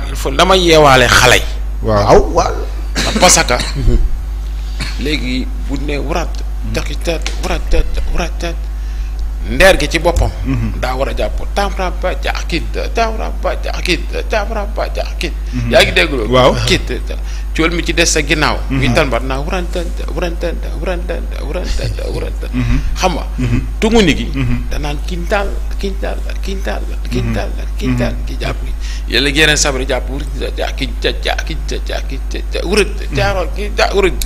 il yeewaale xale yi. waaw waaw. ndax parce mhm. léegi bu ne waraat. taxitaat waraat taat waraat taat. ndeer gi ci boppam. Mm-hmm. daa war a jàpp taamra ba jaax kit taamra ba jaax kit taamra ba jaax kit. Mm-hmm. yaa ngi dégg loolu. waaw kit col mi ci des sa ginnaaw. Mhm. muy talmbar naa wurantanta wurantanta wurantanta wurantanta wurantanta. Mhm. xam nga. Mhm. tunguni gi. danaan kintaal kintaal kintaal. kintaal kintaal ki jàpp gi. yàlla yeneen sabar jàpp wur ja ki ja ja ki ja ja ki ja ja wurat jaaroon ki ja wurat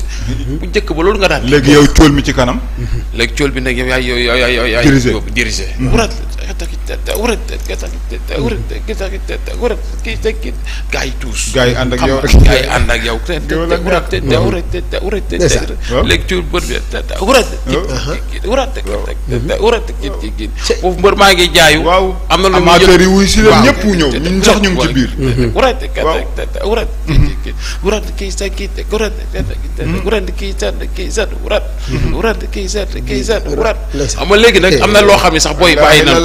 bu njëkk ba loolu nga daan. léegi yow col mi ci kanam. léegi col bi nag yow yaay yow yaay yow yaay. diriger diriger. wurat wurat wurat wurat kii gaa yi tuus. gaa yi ànd ak yow gaa yi ànd ak yow. urete urete urete urete lecture bër bi urete kii urete kii urete kii kii foofu mbër maa ngi jaayu waaw am na lu amateur yi wuy si leen ñëw ñun ñu ngi ci biir urete urete kii kii kii sa kii te urete urete kii sa kii sa urete mhm. urete kii sa kii sa urete mhm. ama léegi nag am na loo xam ne sax booy bàyyi nan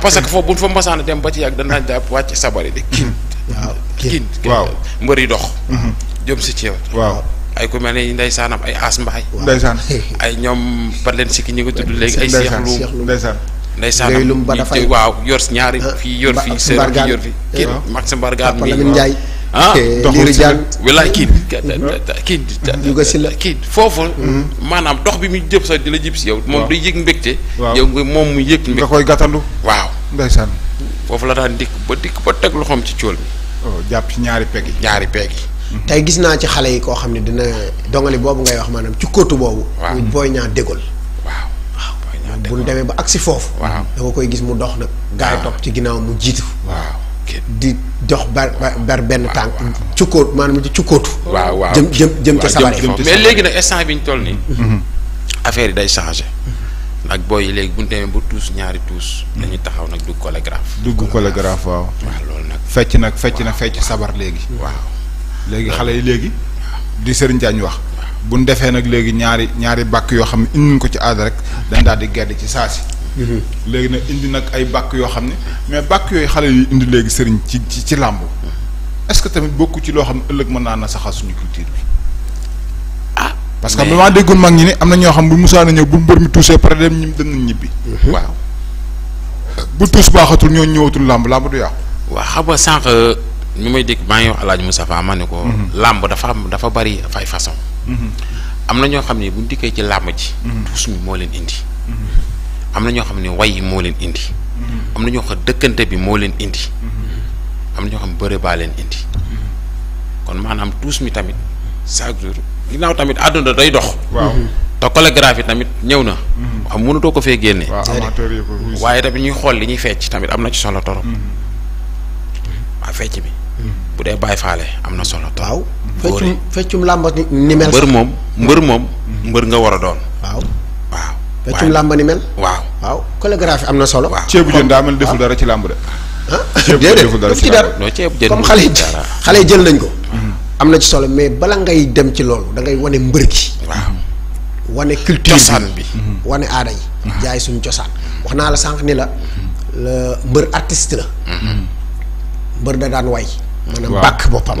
ko xam nga ndax parce que foofu buñ fa dem ba ci yàgg danaa jàpp wàcc sabari di mhm. waaw kiin waaw mbër yi dox mhm. jëm si ceew waaw ay ku mel ne ndeysaanam ay aas mbaay ndeysaan ay ñoom par leen si sikki ñu nga tudd léegi ay seexlu ndeysaan ndeysaanam waaw yor ñaari ah, fii yor fii seer fii yor fii kiin Max Mbargaan mi ah liiru jàng walaay kiin kiin juga si la kiin foofu mhm. maanaam dox bi muy jëm sax di la jib si yow moom day yëg mbégte yow moom mu yëg mbégte nga koy gàttandu waaw ndeysaan foofu la daan dikk ba dikk ba teg loxoom ci cóol bi. Oh, jàpp ci ñaari peg yi. ñaari peg mhm. tey gis naa ci xale yi koo xam ne dina dongali boobu ngay wax maanaam ci boobu. waaw booy ñaari dégol. bu ñu demee ba si foofu. waaw koy gis mu dox nag. gaay topp ci ginnaaw mu jiitu. waaw di dox bar bar benn tànk. ci kóot maanaam ci kóotu. jëm jëm jëm ca sabari mais léegi nag instant bi ñu toll nii. Mhm. affaire yi day changé. Mhm. ak booy yi léegi bu ñu demee ba tuus ñaari tuus. Hmm. dañuy taxaw nag dugg collégraphe. dugg collégraphe waaw. loolu nag. fecc nag fecc na fecc sabar léegi. waaw léegi xale yi léegi. di Serigne Diagne wax. bu ñu defee nag léegi ñaari ñaari bàkk yoo xam ne indi ko ci aada rek dañ di gedd ci saa saasi. Hmm. léegi nag indi nag ay bàkk yoo xam ne mais bàkk yooyu xale yu indi léegi Serigne ci ci ci làmb hmm. est-ce que tamit bokku ci loo xam ne ëllëg mën naa na saxal suñu culture bi. parce que am damaa déggoon mag ñi ne am na ñoo xam bu musaa na ñëw bu mbër mi tuusee pare dem ñi dem nañ ñibbi. Mhm. waaw bu tuus baaxatul ñoo ñëwatul làmb làmb du yàqu. waa xam nga sànq ñu may dégg maa ngi wax El musa Moustapha ma ne ko. Mhm. làmb dafa am dafa bari fay façon. Mhm. am na ñoo xam ne buñ dikkee ci làmb ji. tuus moo leen indi. am na ñoo xam ne way moo leen indi. am na ñoo xam dëkkante bi moo leen indi. am na ñoo xam bëre baa leen indi. kon maanaam tuus mi tamit chaque jour. ginnaaw tamit àdduna day dox. waaw te chorégraphie tamit ñëw na. xam mm-hmm. mënatoo ko fee génne. waaye tamit ñuy xool li ñuy fecc tamit am na ci solo torop mm-hmm. waaw fecc bi. Mm-hmm. bu dee bàyyi faale am na solo. waaw feccum làmba ni mel. mbër moom mbër moom. mbër nga war a doon. waaw waaw. feccum làmba ni mel. waaw waaw chorégraphie am na solo. waaw ceebu jën daa mel deful dara ci làmb de. ah déedéet daf ci dara comme xale yi xale jël nañ ko. am na ci solo mais bala ngay dem ci loolu dangay ngay wane mbër gi. waaw wane culture cosaan bi mm-hmm. wane aada yi. Mm-hmm. jaay suñu cosaan wax naa la sànq ni la mbër artiste la. Mm-hmm. mbër da daan way. maanaam bàkk boppam.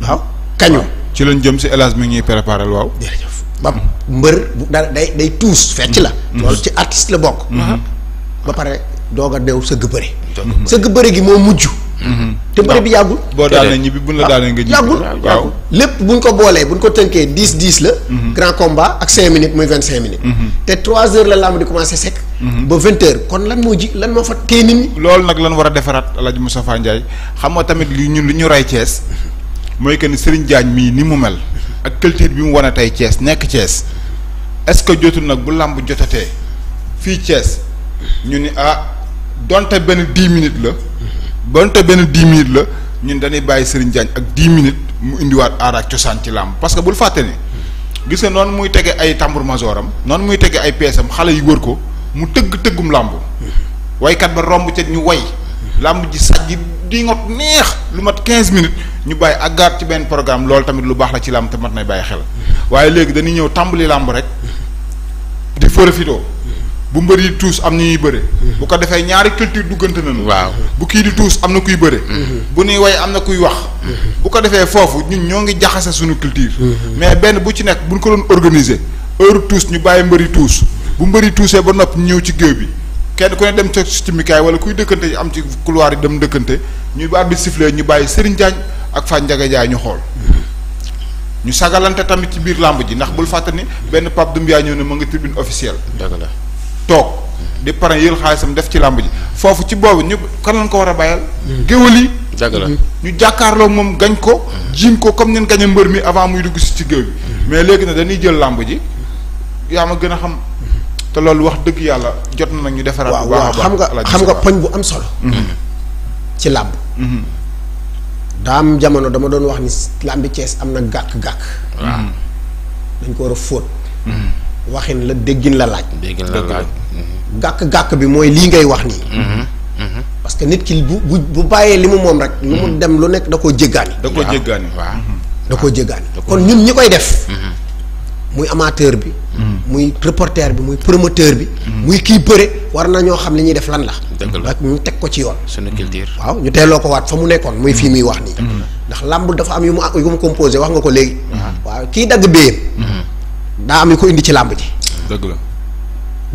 waaw kañu. ci lañ jëm si élage mi ngi ñuy préparé waaw. jërëjëf ba mbër da day day tuus fecc la. loolu ci artiste la bokk. ba pare doog a sëgg bëre. sëgg bëre gi moo mujj. te bëri bi yàggul. boo daanee ñibbi buñ la daanee nga ñibbi. yàggul yàggul lépp buñ ko boolee buñ ko tënkee dix dix la. Mhm. grand combat ak cinq minutes muy vingt cinq minutes. Mhm. te trois heures la lamb di commencé sec. Mhm. ba vingt heures kon lan moo ji lan moo fa téye nit ñi. loolu nag lan war a defaraat El Hadj Moustapha Ndiaye xam nga tamit li ñun li ñu rey Thiès mooy que ni Serigne Diagne mii ni mu mel. ak culture bi mu wane tey Thiès nekk Thiès est-ce que jotul nag bu làmb jotatee fii Thiès ñu ni ah donte benn dix minutes la. bonte benn dix minutes la ñun dañuy bàyyi Serigne Diagne ak dix minutes mu indiwaat aar cosaan ci làmb parce que bul fàtte ne gis nga noonu muy tege ay tambour major am noonu muy tege ay peesam xale yu wër ko mu tëgg tëggum làmb waykat ba romb ca ñu way làmb ji saj ji di ngot neex lu mat quinze minutes ñu bàyyi àggaat ci benn programme loolu tamit lu baax la ci làmb te mat nay bàyyi xel waaye léegi dañuy ñëw tàmbali làmb rek di profitoo bu mbeur yi tous am ñuy nyari bu ko defee ñaari culture duggante nañu waaw bu kii di tous am kuy bëre bu nuy way am na kuy wax bu ko defee foofu ñun ñoo ngi jaxase suñu culture mais benn bu ci nekk buñ ko doon organiser heure tous ñu bàyyi mbëri tous bu mbëri tuusee ba nopp ñëw ci géew bi kenn ku ne dem ci cimikaay wala kuy dëkkante am ci couloir dem baat bi sifflé ñu Serigne ak ñu ñu sagalante tamit ci biir ji ndax bul fatani benn Pape Doumbia ñëw ne ma nga tribune officielle dëgg la toog di parrain yël xaalisam def ci làmb ji foofu ci boobu ñu kan lañ ko war a bàyyal géwël yi la ñu jàkkaarloo moom gañ ko jiim ko comme neen gañe mbër mi avant muy dugg si ci géew bi mais léegi nag dañuy jël làmb ji yaa ma gën a xam te loolu wax dëgg yàlla jot na ñu defaraat bu baax a baax xam nga xam nga poñ bu am solo mhm. ci làmb mhm. daam jamono dama doon wax ni làmbi Cees am na gàkk-gàkk mhm. dañ ko war a fóot waxin la déggin la laaj. déggin la laaj. gàkk gàkk bi mooy lii ngay wax nii. Mm-hmm. Mm-hmm. parce que nit ki bu bu bu bàyyee li mu moom rek. lu mu mm-hmm. dem lu nekk da koo jéggaani. da koo jéggaani waaw da koo jéggaani. kon ñun ñi koy def. muy amateur bi. muy reporter bi muy promoteur bi. muy kii bëre war na ñoo xam li ñuy def lan la. mu ñu teg ko ci yoon. suñu culture. waaw ñu teeloo ko waat fa mu nekkoon muy fii muy wax nii. ndax làmb dafa am yu mu yu mu composé wax nga ko léegi. waaw kii dagg béyam. daa am lu ko indi ci làmb ji. dëgg la.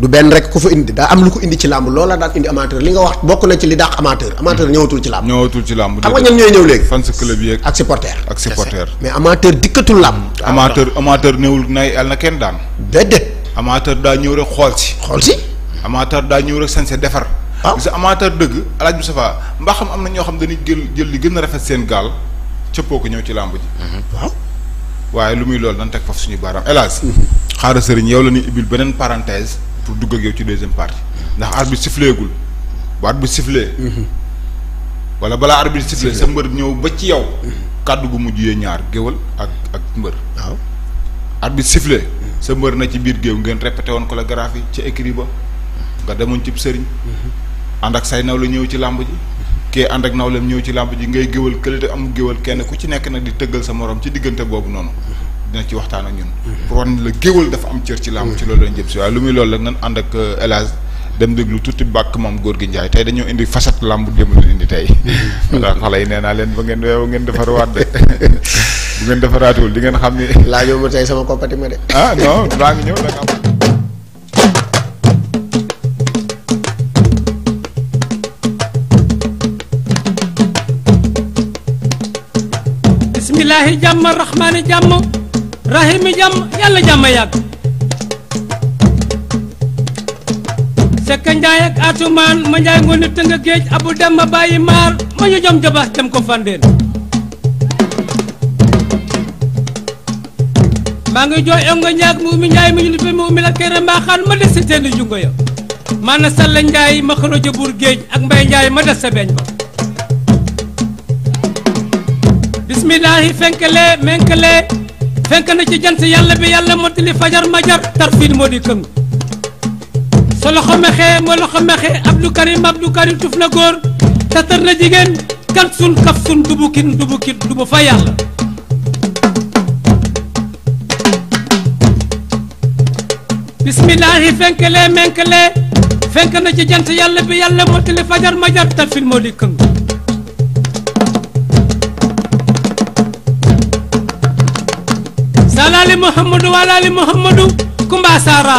du benn rek ku fa indi daa am lu ko indi ci làmb loola daan indi amateur li nga wax bokk na ci li daax amateur. amateur hmm. ñëwatul ci làmb. ñëwatul ci làmb xam nga ñan ñooy ñëw léegi. fan sa club yeeg ak supporter. ak supporter mais amateur dikkatul làmb. Hmm. amateur ah, amateur néewul na yàlla na kenn daan. déedéet. amateur daa ñëw rek xool si. xool si. amateur daa ñëw rek sañse defar. waaw ah. parce amateur dëgg El Hadj Moustapha mbaa xam am na ñoo xam dañuy jël jël li gën a rafet seen gaal cëppoo ko ñëw ci làmb ji. Hmm. waaw. waaye lu muy loolu dañ teg foofu suñu baaraam hélas xaaral sëriñ yow la ñuy ubbil beneen parenthèse pour dugg ak yow ci deuxième partie ndax arbitre sifflé gul bu arbitre sifflé wala balaa arbitre sifflé sa mbër ñëw ba ci yow kàddu bu mujj yee ñaar géwal ak ak mbër waaw arbitre sifflé sa mbër na ci biir géew ngeen répété woon ko la graaf yi ca écrit ba nga demoon cib sëriñ mhm. ànd ak say naw ñëw ci làmb ji kee ànd ak nawleem ñëw ci làmb ji ngay géwal kële te amul géwal kenn ku ci nekk nag di tëggal sa morom ci diggante boobu noonu dina ci waxtaan ak ñun pour wan la géwal dafa am cër ci làmb ci loolu lañ jëm si waaye lu muy loolu nag nan ànd ak euh, El Hadj dem déglu tuuti bàkk moom góor gi Njaay tey dañoo indi facette làmb démb la indi tey ndax xale yi nee naa leen ba ngeen weewu ngeen defarwaat de bu ngeen defaraatuwul di ngeen xam ni laajoo ma tey sama compati ma de ah non laa ngi ñëw da am ilaahi jàmm rahmaani jàmm rahimi jàmm yàlla jàmm yàgg sekka njaay atumaan ma njaay ngoon ni tënga géej abu dem ma bàyyi maar ma ñu jom jabax ko fandeen maa ngi jooy ongo ñaag mu umi njaay mi ñu lippee mu umi la kere mbaaxaan ma des jungo ya maana salla njaay ma xëro jëbuur géej ak mbay njaay ma des ba bismillahi fenkale menkale fenk na ci jant yàlla bi yàlla mottali fajar majar tarfin moo di këng so loxo mexe moo loxo mexe abdou karim abdou karim tuf na góor tatar na jigéen kan sun kaf sun dubukin dubukin dubu fa yàlla bismillahi fenkale menkale fenk na ci jant yàlla bi yàlla mottali fajar majar tarfin moo di këng ali muhammadu wala muhammadu kumba sara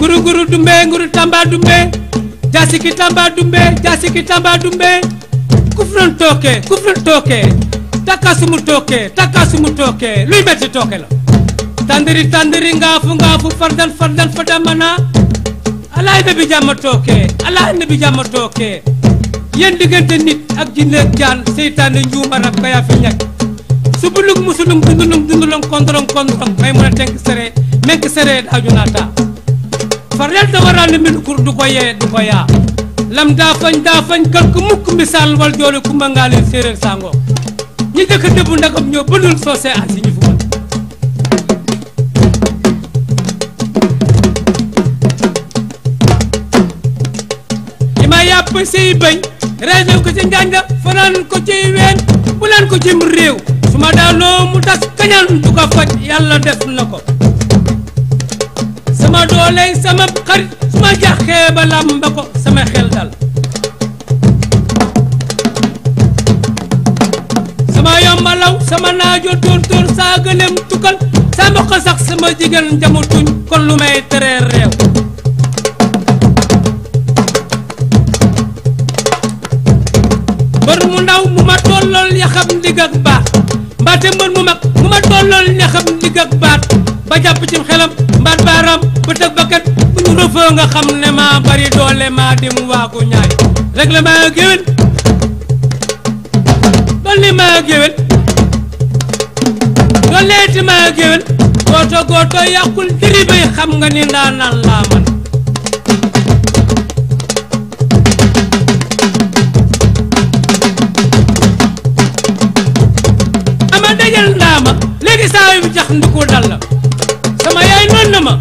Guru guru dumbe Guru tamba dumbe jasiki tamba dumbe jasiki tamba dumbe kufrun toke kufrun toke takasumu toke takasumu toke luy metti toke la tandiri tandiri ngafu ngafu fardan fardan mana. alay nabi jamma toke alay nabi jamma toke yen digante nit ak jinne jaan kaya fi subulum musulum dundulum dundulum kondolum kondolum maymuna tenk sere menk sere ajunata farlel dawarani min kur dukoye dukoya lam da fañ da fañ kalku mukk misal wal jole kumbangali séeréer sango ñi dëkk dëbbu ndakam ñoo bënul soose ak si ñu fu woon li ma yàpp sey ko ci njànja fanaan ko ci ween bu laan ko ci réew suma dalo mu tas kañal du ko fajj yalla def nako sama dole sama xarit suma jaxé ba lambako sama xel dal sama yombalaw sama naajo tóortóor sa gëleem tukal sama ko sax sama jigéen jamu tuñ kon lu may teree réew bër mu ndaw mu ma tollool ya xam ndigg ak baax mbaate mbër mu mag mu ma tollool ne xam digg ak baat ba jàpp ci xelam mbaat baaraam ba tëg bakkat bu ñu rëfoo nga xam ne maa bari doole maa dim waagu ñaay rek maa géwél dolli maa géwél dolleeti maa géwél gooto gooto yàqul jëri xam nga ni ndaa naan laa man isaa yu jax ndukul dal la sama yaay noon na ma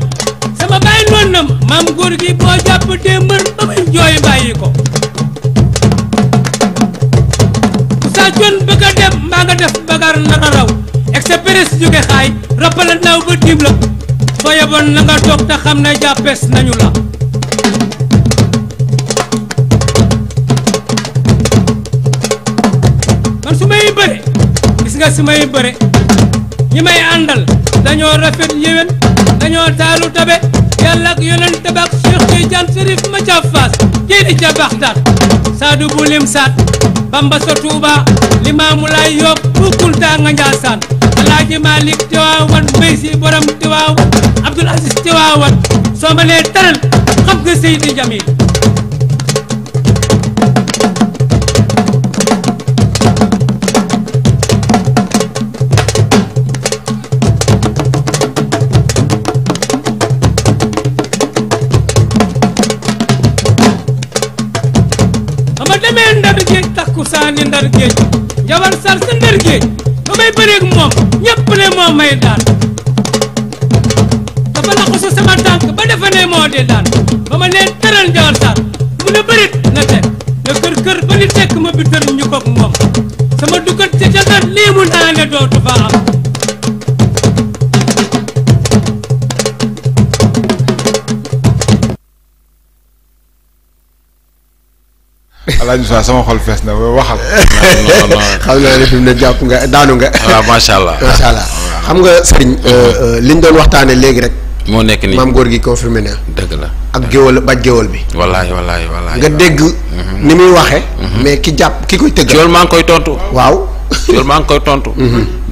sama baay noon na ma maam góor gi boo jàpp dee mbër ba muy jooy bàyyi ko saa coon bëgg a dem mbaa nga def bagaar nara raw express jóge xaay rappala ba tiim soo yeboon na nga toog te xam jàppees nañu la man su may bëre gis nga su may bëre ñi may àndal dañoo rafet yéwén dañoo taalu tabe yàlla ak yonent ba ak Cheikh Tidiane Serif Mathia Fass kii ca Baxtar Bamba sa Touba Limaamu Laay Yoob bukkul taa nga Njaasaan Alaaji Malik Tiwaawan béy si borom Tiwaawan Abdul Aziz Tiwaawan soo ma nee taral xam Seydi Jamil ni ndar géej jabar sar sa ndar géej ba may bëreeg moom ñëpp ne moo may daan dafa laxasu sama tànk ba defe ne moo di daan ba ma leen tëral jabar sar mu ne bërit na teg ne kër kër ba ni tekk ma bi ñu koog moom sama duggat ca jagat lii mu naa ne dootu Aliou sama xol fees na waxal. xam naa jàpp nga daanu nga. waaw ah, macha allah macha allah. Ah. xam nga sëriñ mm-hmm. euh, euh, liñ doon waxtaanee léegi rek. moo nekk nii maam góor gi confirmé na. dëgg la ak géwal baj géwal bi. wallaay wallaay wallaay. nga dégg mm-hmm. ni muy waxee. Mm-hmm. mais ki jàpp ki koy tëgg. ci maa ngi koy tontu. waaw. ci maa ngi koy tontu.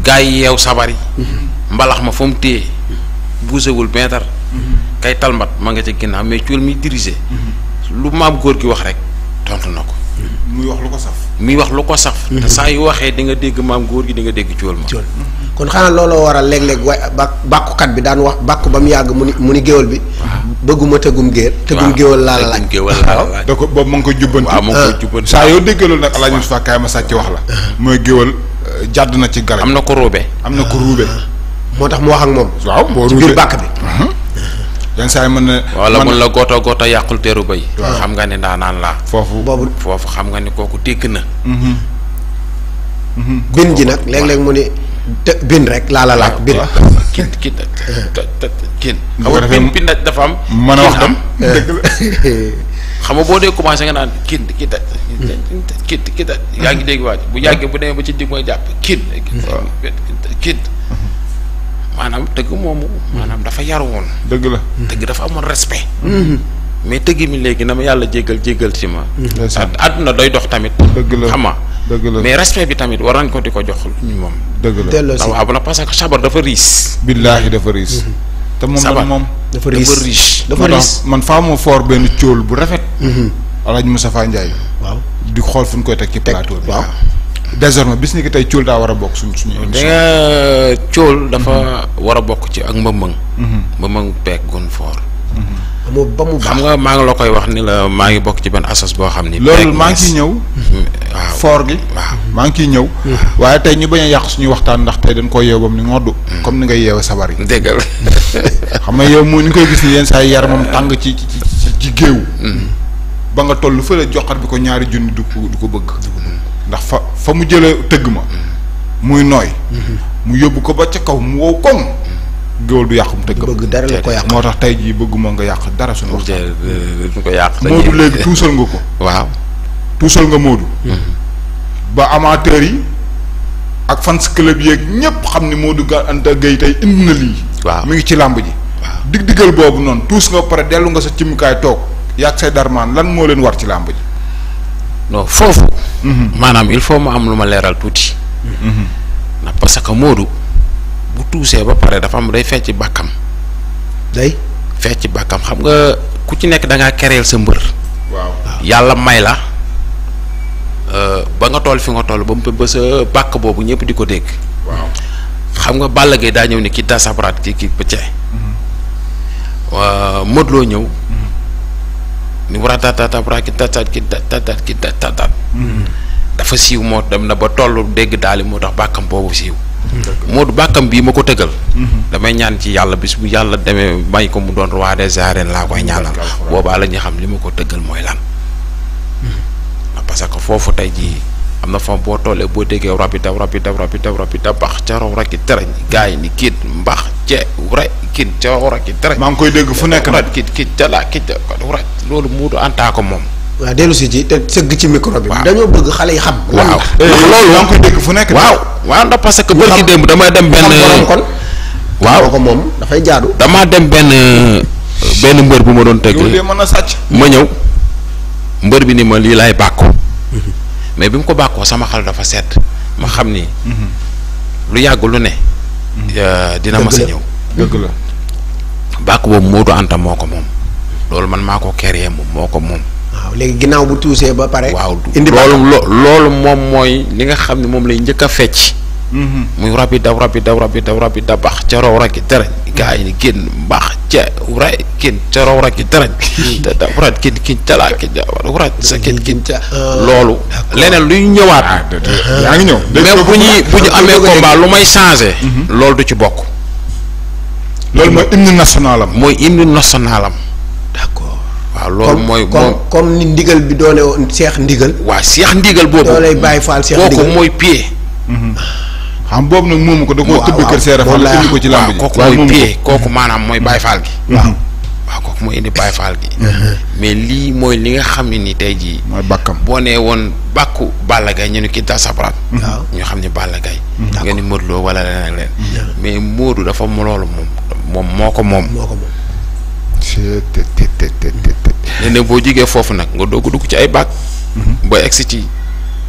gaa yi yeew sabar yi. mbalax ma fa mu téye. buusewul bentar kay talmat ma nga ca ginnaaw mais ci mi dirigé. lu maam góor gi wax rek tontu na ko. muy wax lu ko saf. muy wax lu ko saf. Mm-hmm. saa yu waxee di nga dégg maam góor gi di nga dégg cool ma. kon xanaa looloo waral léeg-léeg waay bàkkukat bi daan wax bàkku ba mu yàgg mu ni mu ni géwal bi. Uh-huh. bëgguma tëggum géer. tëggum géwal laa la laaj waaw da ko boobu ma ngi koy jubbanti. waaw ma ngi koy uh-huh. jubbanti saa yoo déggalul nag El Hadj Moussa Kaye ma sàcc wax la. Uh-huh. mooy géwal uh, jàdd na ci garab. am na ko ruube. am na ko ruube. moo tax mu wax ak moom. moo ruube ci biir bàkk bi. yenn saa yi mën na. wala mën la goto goto yàqul teeru bay. xam nga ne ndaanaan laa. foofu boobu foofu xam nga ni kooku dégg na. Mm-hmm. Mm-hmm. bin ji nag léeg-léeg mu ni te bin rek laa la laaj bin. kin kin kin. bu ko defee eh. nga boo dee commencé nga naan kin ki da yaa ngi dégg waaj bu yàggee bu demee ba ci digg jàpp kin. kin. maanaam tëgg moomu. maanaam dafa yar woon. dëgg la tëgg dafa amoon respet mm-hmm. mais tëgg mi léegi na ma yàlla jéggal jéggal si ma. Mm-hmm. àdduna day dox tamit. dëgg la xam dëgg la mais respect bi tamit war nañ ko di ko jox ñu moom. dëgg la waaw parce que sabar dafa riis. billaahi dafa riis. Mm-hmm. te moom man moom. dafa riis dafa riis man faa ma foor benn cóol bu rafet. El Hadj Moustapha Ndiaye. waaw di xool fu ñu koy teg ci plateau bi waaw. désormais bis ni ki tay ciul da wara bok suñu suñu da euh, ciul dafa war a bokk ci ak mbëmbëng. Mhm. mbëmbëng pek gun for mhm. moo bamu xam nga ma nga la koy wax ni la ma ngi bok ci ben asas bo xamni ni. ma ngi ñew mhm. for gi. ma ngi ñew waye tay ñu bañ yaq suñu waxtaan ndax tay dañ koo yew bam ni ngoddu comme ni ngay yew sabar yi. xam nga yow mo ñu koy gis ni yeen say yar mom tang ci ci ci géew. ba nga tollu fële joxar bi ko ñaari jundi du ko bëgg. ndax fa fa mu jëlee tëgg ma muy nooy mu yóbbu ko ba ca kaw mu wow koŋ géwél du yàqum tëggam ko yàq moo tax tey jii bëgguma nga yàq dara suñu waxtaan euh, ko yàq Moodu léegi tuusal nga ko waaw tuusal nga Moodu mm-hmm. ba amateur yi ak fans club yeeg ñépp xam ni moo Modou Anta Gueye tey indi na lii waaw mi ngi ci làmb ji dig digal boobu noonu tuus nga pare dellu nga sa cimukaay toog yàgg say darmaan lan moo leen war ci làmb ji non fofu Manam mhm. il faut mu am luma leral tuti mhm. na parce que Modou bu tousé ba paré dafa am day fecc bakam day fecc bakam xam nga ku ci nek da nga créer sa mbeur waaw yalla may la euh, ba nga tol fi nga tol ba sa waaw xam nga Balla ni ki ki ki pecé mhm. wa modlo ñew ni war a taataata war a ki taataat mm-hmm. dafa siiw moo dem na ba tollu dégg daali moo tax bàkkam boobu siiw. Mm-hmm. moo du bàkkam bii ma ko tëggal. Mm-hmm. damay ñaan ci yàlla bis bu yàlla demee may ko mu doon roi des arènes laa koy ñaanal. boobaa la ñu xam li ma ko tëggal mooy lan. parce que foofu tey jii. am na fa boo toolee boo déggee rab bi dab rab bi dab rab bi dab rab bi dabax ca raw rakki terañ gars yi ni kiit mbax ce wra kiit ca raw rakki terañ maa ngi koy dégg fu nekk nag kiit kiit ca laa kiit wra loolu muudu antaa moom waaw dellu ci te sëgg ci micro bi dañoo bëgg xale yi xam waaw eh, loolu maa ngi dégg fu nekk waaw waaw ndax parce que bërki démb damay dem benn kon waaw ko moom dafay jaadu damaa dem benn benn mbër bu ma doon teg mën a sàcc ma ñëw mbër bi ni ma lii laay bàkku mhm. mais bi mu ko bàkkoo sama xal dafa sedd ma xam ni. lu yàgg lu ne. Euh, dina mas a ñëw. dëgg la bàkk boobu Moodu Anta moo ko moom. loolu man maa ko créé moom moo ko moom. waaw léegi ginnaaw bu tuusee ba pare. indi waaw loolu loolu moom mooy li nga xam ne moom lay njëkk a fecc. muy rab yi daw rab yi daw rab yi daw rab yi da baax ca raw rakki darañ gaa yi ni génn mbaax ca wuraay kin ca raw rakki darañ te da wuraat kin ca laa kin ca loolu ah, leneen luy ñëwaat ah, yaa ngi bu ñuy amee combat lu may changé loolu du ci bokk loolu mooy hymne mooy hymne nationalam d'accord waaw loolu mooy moom comme ni ndigal bi doole woon seex ndigal waaw seex ndigal boobu doolay bàyyi faal seex ndigal kooku mooy pied ah. xam boobu nag moomu ko da koo tëbb kër seera fa kooku maanaam mooy Baye Fall gi gi mais lii mooy li nga xam ne ni tey jii mooy bàkkam boo nee woon bàkku Balla ñu ne kii da sabraat xam ni Modou Lo wala leneen ak leneen mais Modou dafa loolu moom moo ko moom moo ko moom boo jigee foofu nag nga ko dugg ci ay bàkk boo egsi ci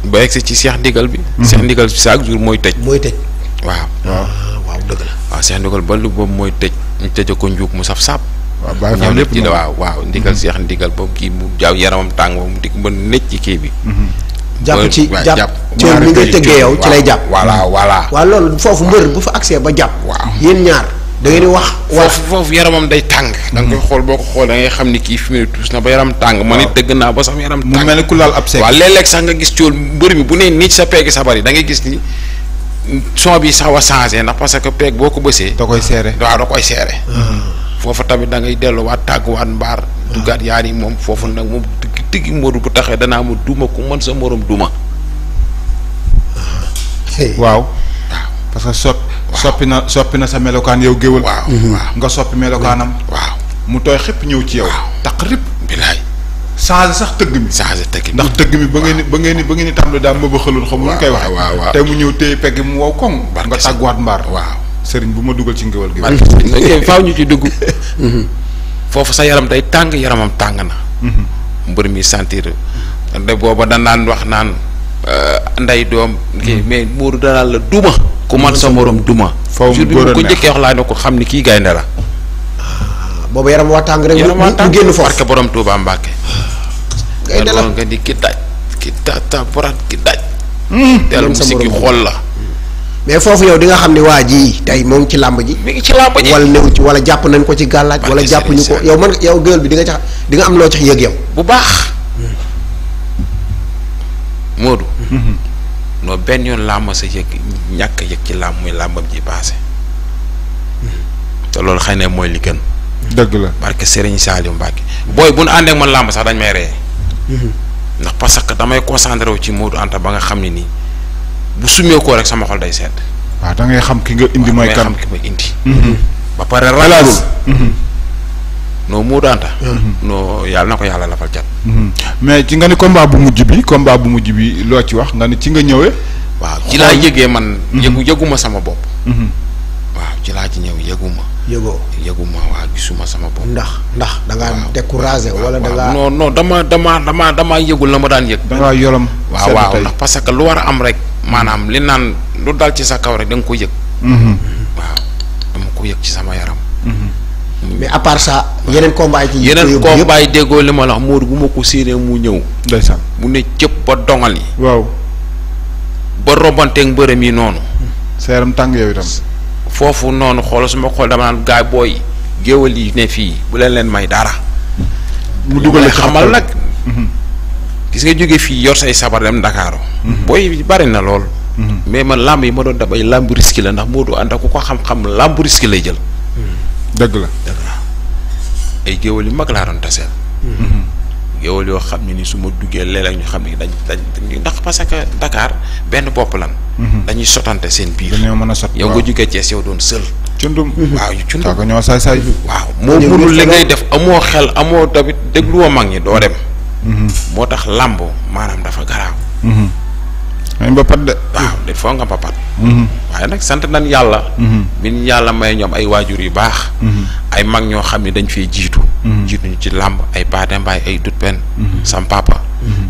ba egsi ci seex ndigal bi. seex mhm. ndigal chaque jur mooy tëj. mooy tëj waaw. Ah, waaw dëgg la. waaw seex ndigal ba lu boobu mooy tëj ñu tëjee ko njuub mu saf saab. waaw bàyyi lépp ci la waaw waaw ndigal seex mhm. ndigal boobu kii mu jaaw yaramam tàng moom di mën nekk ci kii bi. Mhm. jàpp ci jàpp coono mi ngay tëggee yow ci lay jàpp. voilà voilà. waaw loolu foofu mbër bu fa accès ba jàpp. waaw yéen ñaar. da ngeen di wax. wala foofu yaramam day tàng. da nga mm-hmm. xool boo ko xool da ngay xam ni kii fi mu ne tuus na ba yaram tàng. man it dëgg naa ba sax yaram. tàng mel ne ku laal ab seeg. waaw nga gis cool mbër mi bu nee nit sa peeg sabar gis ni son bi sax wa changé ndax parce que peeg boo ko bësee. da koy seere waaw da koy seere. Mm-hmm. foofu tamit da ngay delluwaat tàgguwaat mbaar. Mm-hmm. duggaat yaar yi moom foofu nag moom digg digg Modou bu taxee danaa ma duma ku mën sa morom duma. waaw. parce que sot Sopina sopina soppi na sa melokaan yow géwal mhm. waaw nga soppi melokaanam waaw mu tooy xëpp ñëw ci yow taq rip bilaay sax tëgg mi changé tëgg ndax tëgg mi ba ngeen ba ngeen ba ngeen tàmbali daal ma ba xëlul xamul ñu waxe te mu ñëw téye pegg mu wow nga waaw dugal ci ngéwal gi faaw ñu ci dugg mhm. foofu sa yaram day tàng yaramam tangana, na mhm. mbër mi sentir de booba da nan wax naan euh, nday doom mais duma ku sa morom duma jour ko jëkke wax la ne ko xam ni kii gaynde la ah, boobu yaram waa rek mu genn fo barke borom touba mbake gaynde la nga di ki daj ki ta borat ki daj del musiki xol la mais fofu yow di nga xamni waji tay mo ngi ci lamb ji mi ngi ci lamb ji wala néew ci wala japp nañ ko ci gàllaaj wala japp ñu ko yow man yow geul bi di nga di nga am lo ca yeg yow bu baax hmm. modou hmm. non benn yoon laa sa yëg ñàkk yëg ci làmb muy làmbam ji passé te loolu xëy na mooy li gën. dëgg la barke Serigne Saliou Mbacke booy bu nu àndee ak man làmb sax dañ may ree mhm. ndax parce que damay concentré wu ci Modou Anta ba nga xam ne nii bu sumee koo rek sama xol day sedd. waaw da ngay xam ki nga indi mooy kan xam ki ma indi. Mhm. ba pare ralaas non Modou Anta. Mm-hmm. yàlla na ko yàlla lafal cat. Mm-hmm. mais ci nga ni combat bu mujj bi combat bu mujj bi loo ci wax nga ni ci nga ñëwee. waaw ci laa yëgee man. Mm-hmm. yëgu yëguma sama bopp. waaw ci laa ci ñëw yëguma. yëgoo yëguma waa gisuma sama bopp. ndax ndax da ngaa découragé wala da ngaa non non dama dama dama damaa la ma daan yég da ngaa yoram. waaw waaw ndax parce que lu war a am rek. maanaam li naan lu dal ci sa kaw rek da nga ko yëg. waaw dama ko yëg ci sama yaram. mais à part ça yeneen combat yi yeneen combat yi déggoo li ma la wax moodu bu ma ko séenee mu ñëw ndeysaan mu ne cëpp ba dongal yi waaw ba robanteeg mbërëm yi noonu seeram tàng yow itam foofu noonu xool su ma dama naan gaay boy ne fii bu leen leen may dara mu dugal xamal nag mhm. gis nga jóge fii yor say sabar dem dakaro mhm. boy bari na lool mhm. mais man lamb yi ma doon dabay lamb risque la ndax moo ànd ko xam-xam lamb risque lay jël dëgg la dëgg la ay géwal yu mag laa doon taseel. Mm-hmm. géwal yoo xam ne ni su ma duggee léeg-léeg ñu xam ne dañ dañ ndax parce que Dakar benn bopp lan. Mm-hmm. dañuy sotante seen biir. dañoo mën a sot yow nga jógee Thiès yow doon sël. cundum mm-hmm. waaw cundum waaw ñoo saay saay. waaw moo mënul li ngay def amoo xel amoo tamit dégluwoo mag ñi doo dem. moo tax làmb maanaam dafa garaaw. ay mbapat de waaw des fois nga mbapat mm-hmm. waaye nag sant nañ yàlla mm-hmm. min yàlla may ñoom ay waajur yu baax mm-hmm. ay mag ñoo xam ne dañ fiy jiitu jiitu ñu ci làmb ay baadembaay ay dut pen sam papa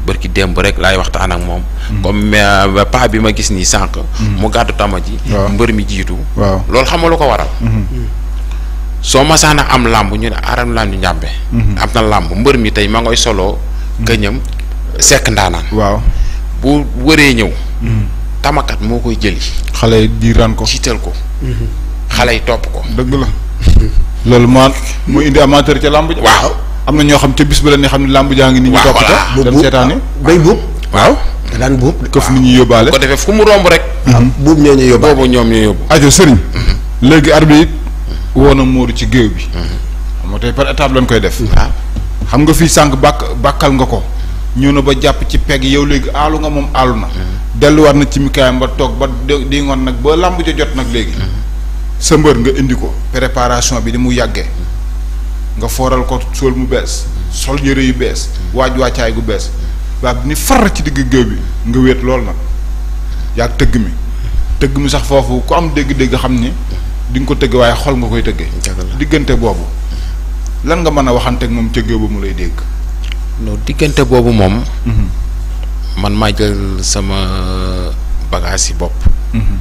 barki demb rek laay waxtaan ak moom comme euh, pa bi ma gis nii sànq mu gàddu tama ji mbër mi jiitu waaw loolu xam lu ko waral soo masaana am làmb ñu ne aram làmb njàmbe am na làmb mbër mi tey ma ngoy solo gëñam sekk ndaanaan waaw bu wëree ñëw. Hmm. tamakat moo koy jëli. xale yi diiraan ko jiital ko. Hmm. xale yi topp ko. dëgg la. Hmm. loolu moo mu indi amateur ca làmb. waaw am na ñoo xam ca bis ba la ne xam ne làmb jaa ngi ni ñu topp ca dem seetaane bay buub waaw. da daan buub. këf nit ñi ko defee fu mu romb rek. Ah, buub ñoo ñu yóbbaale boobu ñoom ñoo yóbbu. ajo sëriñ. léegi arbitre woo na Modou ci géew bi. xam nga tey par étape koy def. xam nga fii sànq bàkk bàkkal nga ko. ñëw na ba jàpp ci peg yow léegi aalu nga moom aalu na. Mm-hmm. delluwaat na ci mikaayam ba toog ba di ngoon nag ba làmb ja jot nag léegi. Mm-hmm. sa mbër nga indi ko préparation bi di mu yàggee. Mm-hmm. nga fooral ko sol mu bees. sol yére yu bees. waaj waacaay gu bees. waa ni far ci digg géew bi nga wéet lool nag yaa tëgg mi tëgg mi sax foofu ku am dégg-dégg xam ni di nga ko tëgg waaye xol nga koy tëggee. diggante boobu lan nga mën a waxanteeg moom ca géew ba mu lay dégg. no digënté bobu mom mm -hmm. man ma jël sama bagage ci bop mm -hmm.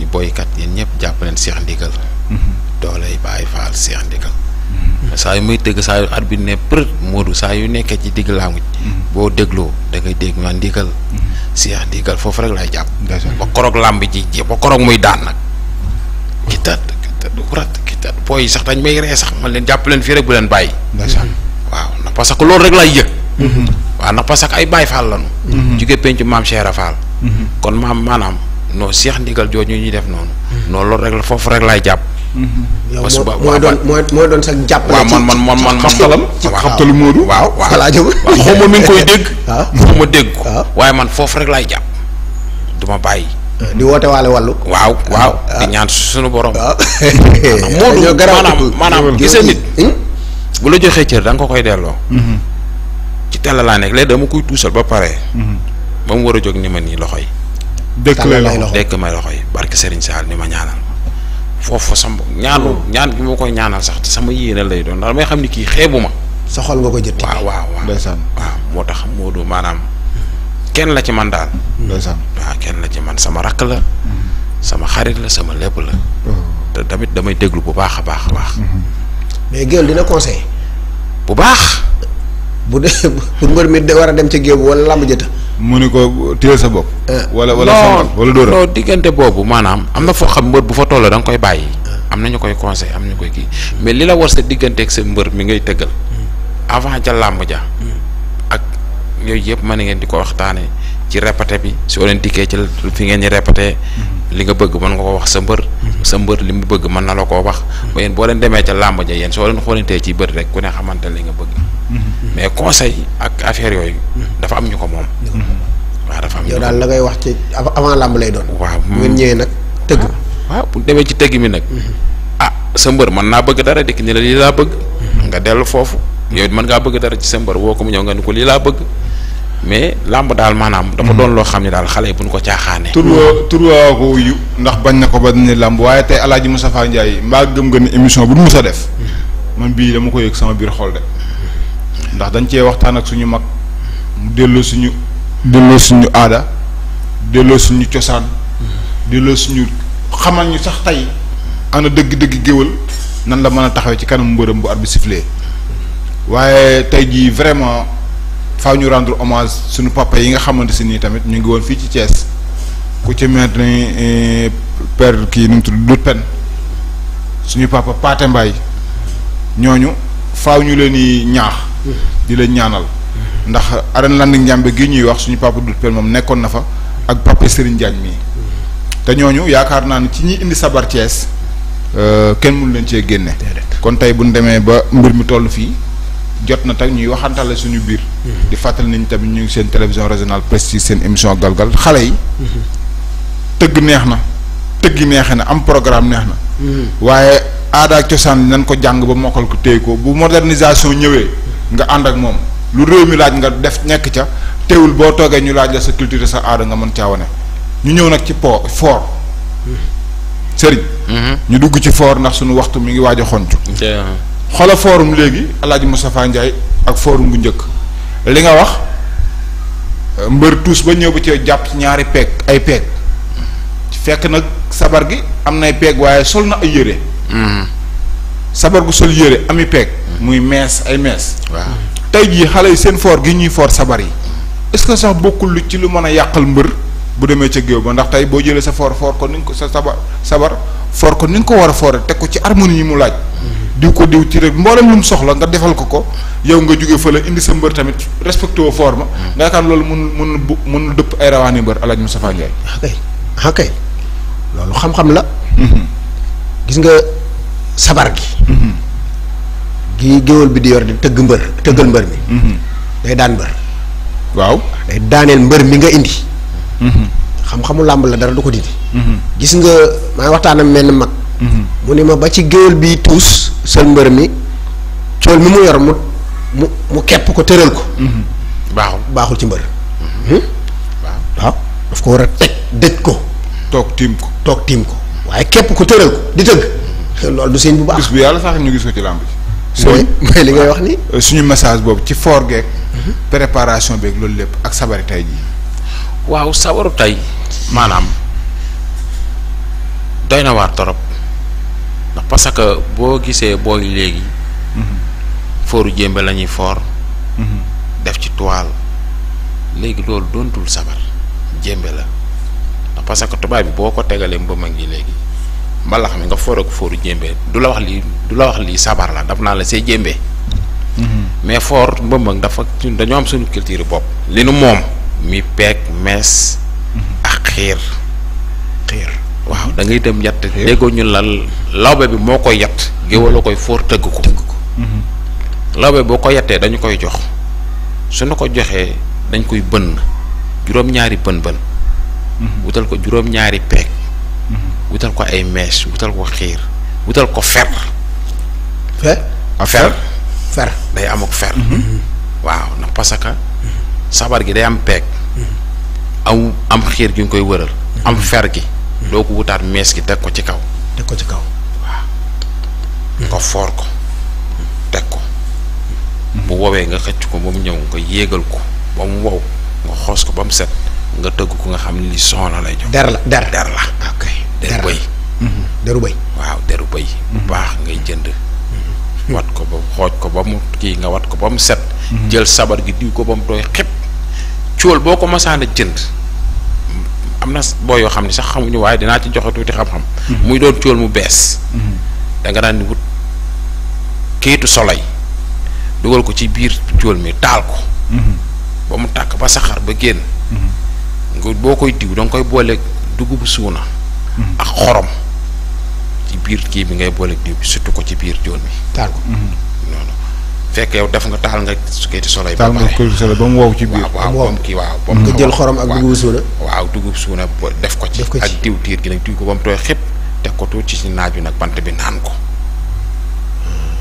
ni kat yéen ñep japp len cheikh ndigal mm -hmm. doolay bay faal cheikh ndigal mm -hmm. sa yu muy tëgg sa yu at bi ne për moodu saa yu nekk ci digg la laamuj bo dégloo da ngay dégg man ndigal mm -hmm. cheikh ndigal fofu rek lay japp ba korok lamb ji ji ba korok muy daan nag kitat kitat rat kitat boy sax dañ may ré sax man len japp len fi rek bu len leen bàyyi waaw ndax parce que loolu rek laay yëg. waaw ndax parce que ay Baay Faal lañu. Mhm. jugee penc maam Cheikh Faal. Mhm. kon maam maanaam non seex ndigal jooju ñuy def noonu. Mhm. non loolu rek la foofu rek laay jàpp. parce que waaw doon mooy jàpp. waaw man man man man xamtalam. ci xamtalu Moodu. waaw waaw voilà jëm. xaw ma mi ngi koy ma dégg ko. man foofu rek laay jàpp du ma bàyyi. di woote waale wàllu. waaw ah. maanaam maanaam gisee nit. Hmm? bu la joxee cër da nga ko koy delloo. Mhm. ci tàll laa nekk léegi dama koy tuusal ba pare. Mhm. ba mu war a jóg ni ma nii loxo yi. dëkk lay loxo dëkk may loxo yi barke Serigne Sall ni ma ñaanal. foofu sama ñaanu ñaan bi mhm. ma koy ñaanal sax sama yéene lay doon ndax damay xam ni kii xeebu ma. sa xol ko jëtti. waaw waaw waaw ndeysaan waaw moo tax moo du maanaam kenn la ci man daal. ndeysaan waaw kenn la ci man sama rakk la. sama xarit la sama lépp la. te tamit damay déglu bu baax a baax a baax. mais géwél dina conseil bu baax. bu dee bu mbër mi war a dem ca géew wala làmb jëta mu ni ko téyel sa bopp. Ah. wala wala songal wala dóoram non diggante boobu maanaam am na foo xam mbër bu fa toll da nga koy bàyyi. Ah. am na ñu koy conseil am na ñu koy kii mais li la war sa diggante ak sa mbër mi ngay tëggal. Hmm. avant ca làmb ja. Hmm. ak yooyu yëpp mën ngeen di ko waxtaanee ci répété bi soo leen dikkee ci fi ngeen di répété. Hmm. li nga bëgg mën nga ko wax sa mbër mhm. sa mbër li mu bëgg mën na la koo wax mhm. ba yéen boo leen demee ca làmb ja yéen soo leen xoolantee ci bët rek ku ne xamante li nga bëgg mhm. mais conseil ak affaire yooyu dafa am ñu ko moom waaw dafa am yow daal la ngay wax ci avant làmb lay doon waaw ngeen ñëwee nag tëgg ah, waaw bu demee ci tëgg mi nag ah sa mbër mën naa bëgg dara dikk ni la lii laa bëgg nga dellu foofu yow mën ngaa bëgg dara ci sa mbër woo ko mu ñëw nga ni ko lii laa bëgg mais làmb daal maanaam. dafa doon hmm. loo xam ne daal xale yi bu ñu ko caaxaanee. tur tur ko yu ndax bañ na ko ba ni làmb waaye tey El Hadj Moustapha Ndiaye mbaa gëm nga ne émission bu nu mu a def hmm. man bii dama ko yëg sama biir xool de ndax dañ cee waxtaan ak suñu mag mu delloo suñu suñu aada delloo suñu cosaan hmm. delloo suñu xamal ñu sax tey ana dëgg-dëgg géwal nan la mën a taxawee ci kanam mbërëm bu arbitre bi sifflé waaye tey ji vraiment. faaw ñu rendre hommage suñu papa yi nga xamante ni tamit ñu ngi won fi ci Thiès ku ci eh, père ki ñu tuddu Pen suñu papa paté mbay ñoñu faaw ñu leen di ñaax. di leen ñaanal. ndax arène Landing Njàmbe gi ñuy wax suñu papa Dut Pen mom nekkon na ak papa Serigne Diagne mi te ñoñu yaakar naan ci ñi indi sabar Thiès euh, kenn mënu leen ci génné kon tay buñu démé ba mbir mi tollu fi jot na tamit ñuy waxantale suñu biir. Mhm. di fàttali nañ tamit ñu ngi seen télévision régionale prestige seen émission galgal xale yi. Mhm. tëgg neex na tëgg neex na am programme neex na. Mhm. waaye aada cosaan cosaan nañ ko jàng ba mokkal ko téye ko bu modernisation ñëwee nga ànd ak moom lu réew mi laaj nga def nekk ca teewul boo toogee ñu laaj la sa culture sa aada nga mën caa wane ñu ñëw nag ci po fort. sëriñ. ñu dugg ci fort ndax suñu waxtu mi ngi waaj a xola forum legui El Hadj Moustapha ak forum bu ñëk li nga wax mbeur tous ba ñëw ba ci japp ci ñaari pek ay peeg fekk nak sabar gi am nay pek waye solna na ay yére. Mm-hmm. sabar gu sol yére ami pek muy mees ay mees. waaw tey jii xale seen for gi ñuy for sabar yi est-ce que sax bokul lu ci lu mëna yaqal mbeur bu demee ci géew ba ndax tay bo jëlee sa for for ko ni ko sa sabar sabar for ko ni ko war for. foore ko ci harmonie mu laaj. Mm-hmm diko diw ci rek mboolem lu mu soxla nga defal ko ko yow nga joge fele indi sa mbeur tamit respecto forme hmm. nga kan loolu mun mun mun dëpp ay rawani mbeur aladji mustafa ngay hakay hakay loolu xam-xam la mhm. gis nga sabar gi mhm. gi géwal bi di yor di teug mbeur teugal mbeur mi mhm. day daan mbeur waw day daaneel mbeur mi nga indi xam-xamu lamb la dara du ko dindi gis nga maa waxtana ak mak mu ni ma ba ci géwél bi tuus seen mbër mi cool mi mu yor mu mu mu kepp ko tëral ko baaxul baaxul ci mbër hmm? waaw waaw daf ko war a teg dëj ko toog tiim ko toog tiim ko waaye képp ko tëral ko di tëgg loolu du seen bu baax bis yàlla sax ñu gis ko ci làmb ji mooy mooy li ngay wax ni suñu message boobu ci foor geeg hmm? préparation beeg loolu lépp ak sabari tey ji waaw sabaru tey maanaam doy na waar torop ndax parce que boo gisee booy léegi mhm. fooru jémbe la ñuy for mhm. def ci toile léegi loolu doontul sabar jémbe la ndax parce que tubaab bi boo ko tegalee mbëma ngi léegi mbalax mi nga foor ak fooru jémbe du la wax li du la wax sabar la daf naa la see jémbe mhm. mais foor mbëmbëg dafa dañoo am suñu culture bopp li nu moom mi peeg mees ak xiir waaw da ngay dem yatt déggoo ñu la lawbe bi moo koy yatt géwaloo koy fóor tëgg ko mhm. lawbe boo ko yattee dañu koy jox su na ko joxee dañ koy bënn juróom-ñaari bën-bën mhm. wutal ko juróom-ñaari peeg mhm. wutal ko ay mees wutal ko xiir wutal ko fer fer fer day am ak fer waaw ndax parce que sabar gi day am peeg am am xiir gi ñu koy wëral am fer gi loo ko wutaat mees gi teg ko ci kaw. teg ko ci kaw waaw. nga foor ko teg ko. bu wowee nga xëcc ko ba mu ñëw nga yéegal ko ba mu wow nga xoos ko ba mu set nga tëgg ko nga xam ni li soxla lay jox. der la der der la. der mhm. bëy waaw deru bëy bu mhm. baax ngay jënd. Mhm. wat ko ba xooj ko ba mu kii nga wat ko ba mu set. jël sabar gi diw ko ba mu doy xëpp. cool boo ko masaana jënd. am na boo yoo xam ne sax xamuñu waaye dinaa ci joxe tuuti xam-xam. muy doon cool mu bees. da nga daan di wut kayitu solay dugal ko ci biir cool mi taal ko. ba mu tàkk ba saxaar ba génn. nga boo koy diw da koy booleek dugubu suuna. ak xorom ci biir kii bi ngay booleeg diw bi surtout ko ci biir cool mi. taal ko. fekk yow def nga taxal nga sukkeeti solo yi. ba pare taxal nga solo ba mu wow ci biir. waaw waaw moom kii waaw. nga jël xorom ak dugub suuna. waaw dugub suuna def ko ci. ak diw tiir gi nag diw ko ba mu tooy xëpp. teg ko tuuti ci naaj bi nag bant bi naan ko.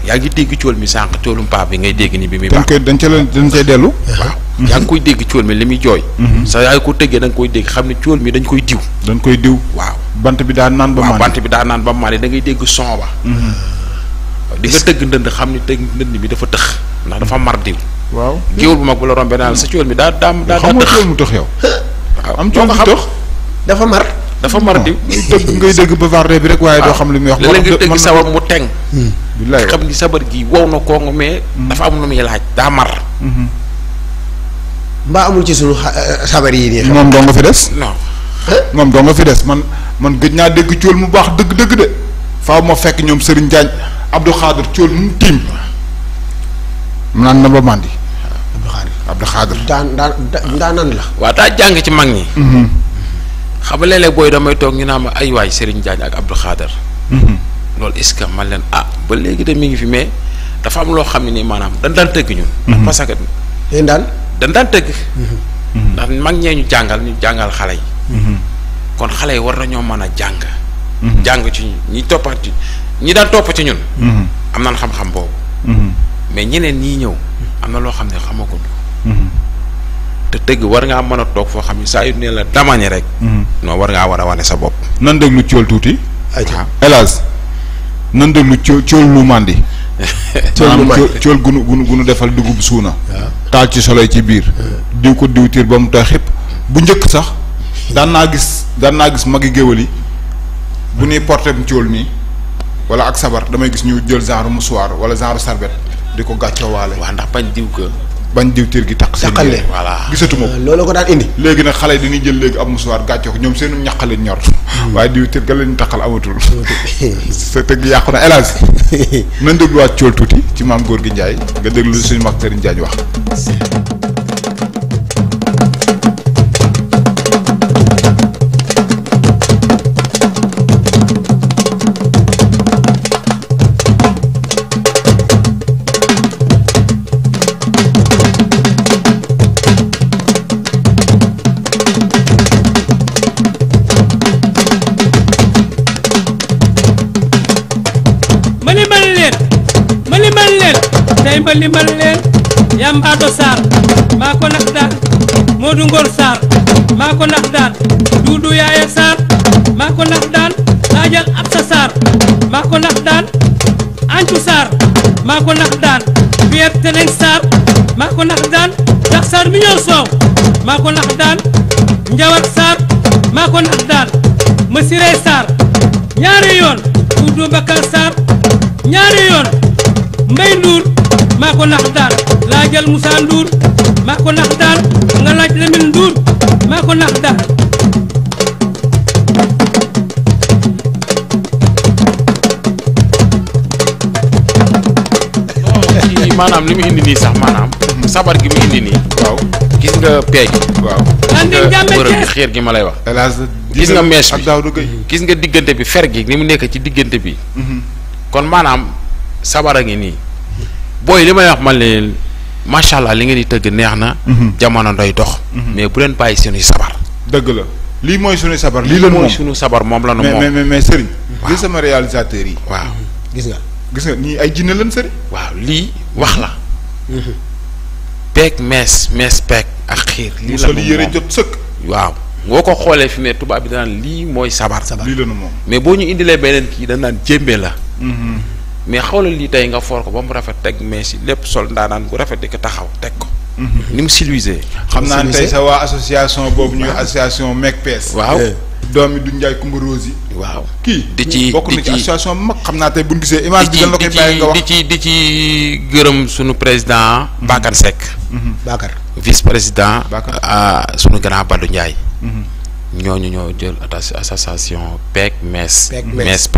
yaa ngi dégg cool mi sànq coolum paa bi ngay dégg ni bi muy baax dañ ca leen dañ cay dellu waaw yaa ngi koy dégg cool mi li muy jooy mhm. sa yaa ngi ko tëggee da nga koy dégg xam ne cool mi dañ koy diw dañ koy diw waaw bant bi daa naan ba maan bant bi daa naan ba maan da ngay dégg son ba mhm. waaw di nga tëgg ndënd xam ni tëgg ndënd bi dafa tëx ndax dafa mar diw. waaw géwél bu mag bu la rombee daal sa ciwal mi daa daa daa tëx xamoo ciwal mu tëx yow. waaw am ciwal mu tëx dafa mar. dafa mar diw ngay dëgg ngay dëgg bavarde bi rek waaye doo xam li muy wax. mën nga tëgg sabar mu teng. Hmm. billaay xam ni sabar gi wow na kooku mais. Hmm. dafa am lu muy laaj daa mar. Hmm. mbaa amul ci suñu eh, eh, sabar yi nii. moom doo nga fi des. non moom doo nga fi des man man gëj naa dëgg ciwal mu baax dëgg dëgg de faaw ma fekk ñoom Serigne Diagne Abdou Khadir Thiol nu mu tiim na ba màndi Abdou Khadir daan daan daanan la waaw daa jàng ci mag ñi mhm. xam nga léeg-léeg booy damay toog ñu naan ma ay waay sëriñ Diagne ak Abdou Khadir mhm. loolu est-ce que man leen ah ba léegi de mi ngi fi mais dafa am loo xam ne nii maanaam dañ daan tëgg ñun mhm. parce que dañ daan dañ daan tëgg ndax mag ñee ñu jàngal ñu jàngal xale yi kon xale yi war nañoo mën a jàng jàng ci ñi toppaat ci ñi daan topp ci ñun. Mm-hmm. am naan xam-xam boobu. Mm-hmm. mais ñeneen ñi ñëw am na loo xam ne xamaguñ ko. Mm-hmm. te dëgg war ngaa mën a toog foo xam ne saa yu ne la damañe rek. non war ngaa war a wane sa bopp. nan déglu cool tuuti. ayca hélas ah. nan déglu cool cool lu màndi. cool lu màndi cool gunu defal dugub suuna. Ah. taal ci solo ci biir. Ah. diw ko diw tiir ba mu tax xëpp bu njëkk sax daan naa gis daan naa gis magi géwël yi bu ñuy porté cool nii. wala ak sabar damay gis ñu jël genre mouchoir wala genre sarbet di ko gàccoowaale. waaw ndax bañ diw ko. bañ diw tiir gi taq. seen yére voilà gisatuma ko. Euh, loolu ko daan indi. léegi nag xale yi dañuy jël léegi am mouchoir gàcce ñoom seenu ñaq leen ñor. Hmm. waaye diw tiir ga leen taqal amatul. sa tëgg yàqu na hélas. nañ dégluwaat cool tuuti ci maam góor gi Ndiaye nga déglu suñu mag Serigne Diagne wax. may ma limal leen ko nax daan Modou Ngor Sarr maa ko nax daan Doudou Yaaya Sarr maa ko nax daan Laajal Absa Sarr maa ko nax daan Ancu Sarr maa ko nax daan Pierre Teneng Sarr maa ko nax daan Dax Sarr mi ñëw soow maa ko daan Njawar Sarr maa ko daan Masiré Sarr ñaari yoon Doudou Bakar Sarr ñaari mako nakhdar, la daan laa jël Moussa Ndour mako nakhdar. nga laaj Lamine Ndour mako ko manam limi indi ni sax manam sabar gi mi indi ni waw gis nga waw andi wërëb ci xiir gi malay wax gis nga mees bi gis nga digeunte bi fer gi ni mu ci digeunte bi mhm. kon manam sabar gi ni booy li may wax man leen macha allah li nga di tëgg neex na. Mhm. jamono ndoy dox. Mhm. mais bu leen bàyyi sunuy sabar. dëgg la lii mooy sunuy sabar. lii lan moom mooy sunu sabar moom la nu moom mais mais mais Serigne. li sama réalisateur yi. waaw gis nga. gis nga ay jinne lan Serigne. waaw lii wax la. Mhm. peeg mees mees peeg ak xiir. lii la nu moom waaw boo ko xoolee fi mu ne tubaab bi danaan lii mooy sabar. sabar lii la moom mais boo ñu indilee beneen kii danaan jéembe la. mais xaw xawla lii tey nga foor ko ba mu rafet teg mais si lépp sol ndaanaan bu rafet di ko taxaw teg ko. Mhm. ni mu siluisé. xam naa ne tey sa waa association boobu ñuy association MECPES. waaw eh. doomi du Njaay Kumba Rose yi. di ci bokk na ci association mag xam naa tey bu ñu gisee image bi dañ nga wax di ci di ci gërëm sunu président. Mhm. Bakar Seck. Mhm. Bakar vice président. Bakar ah, sunu grand Badou Ndiaye. ñooñu ñoo jël association PEC MES. PEC MES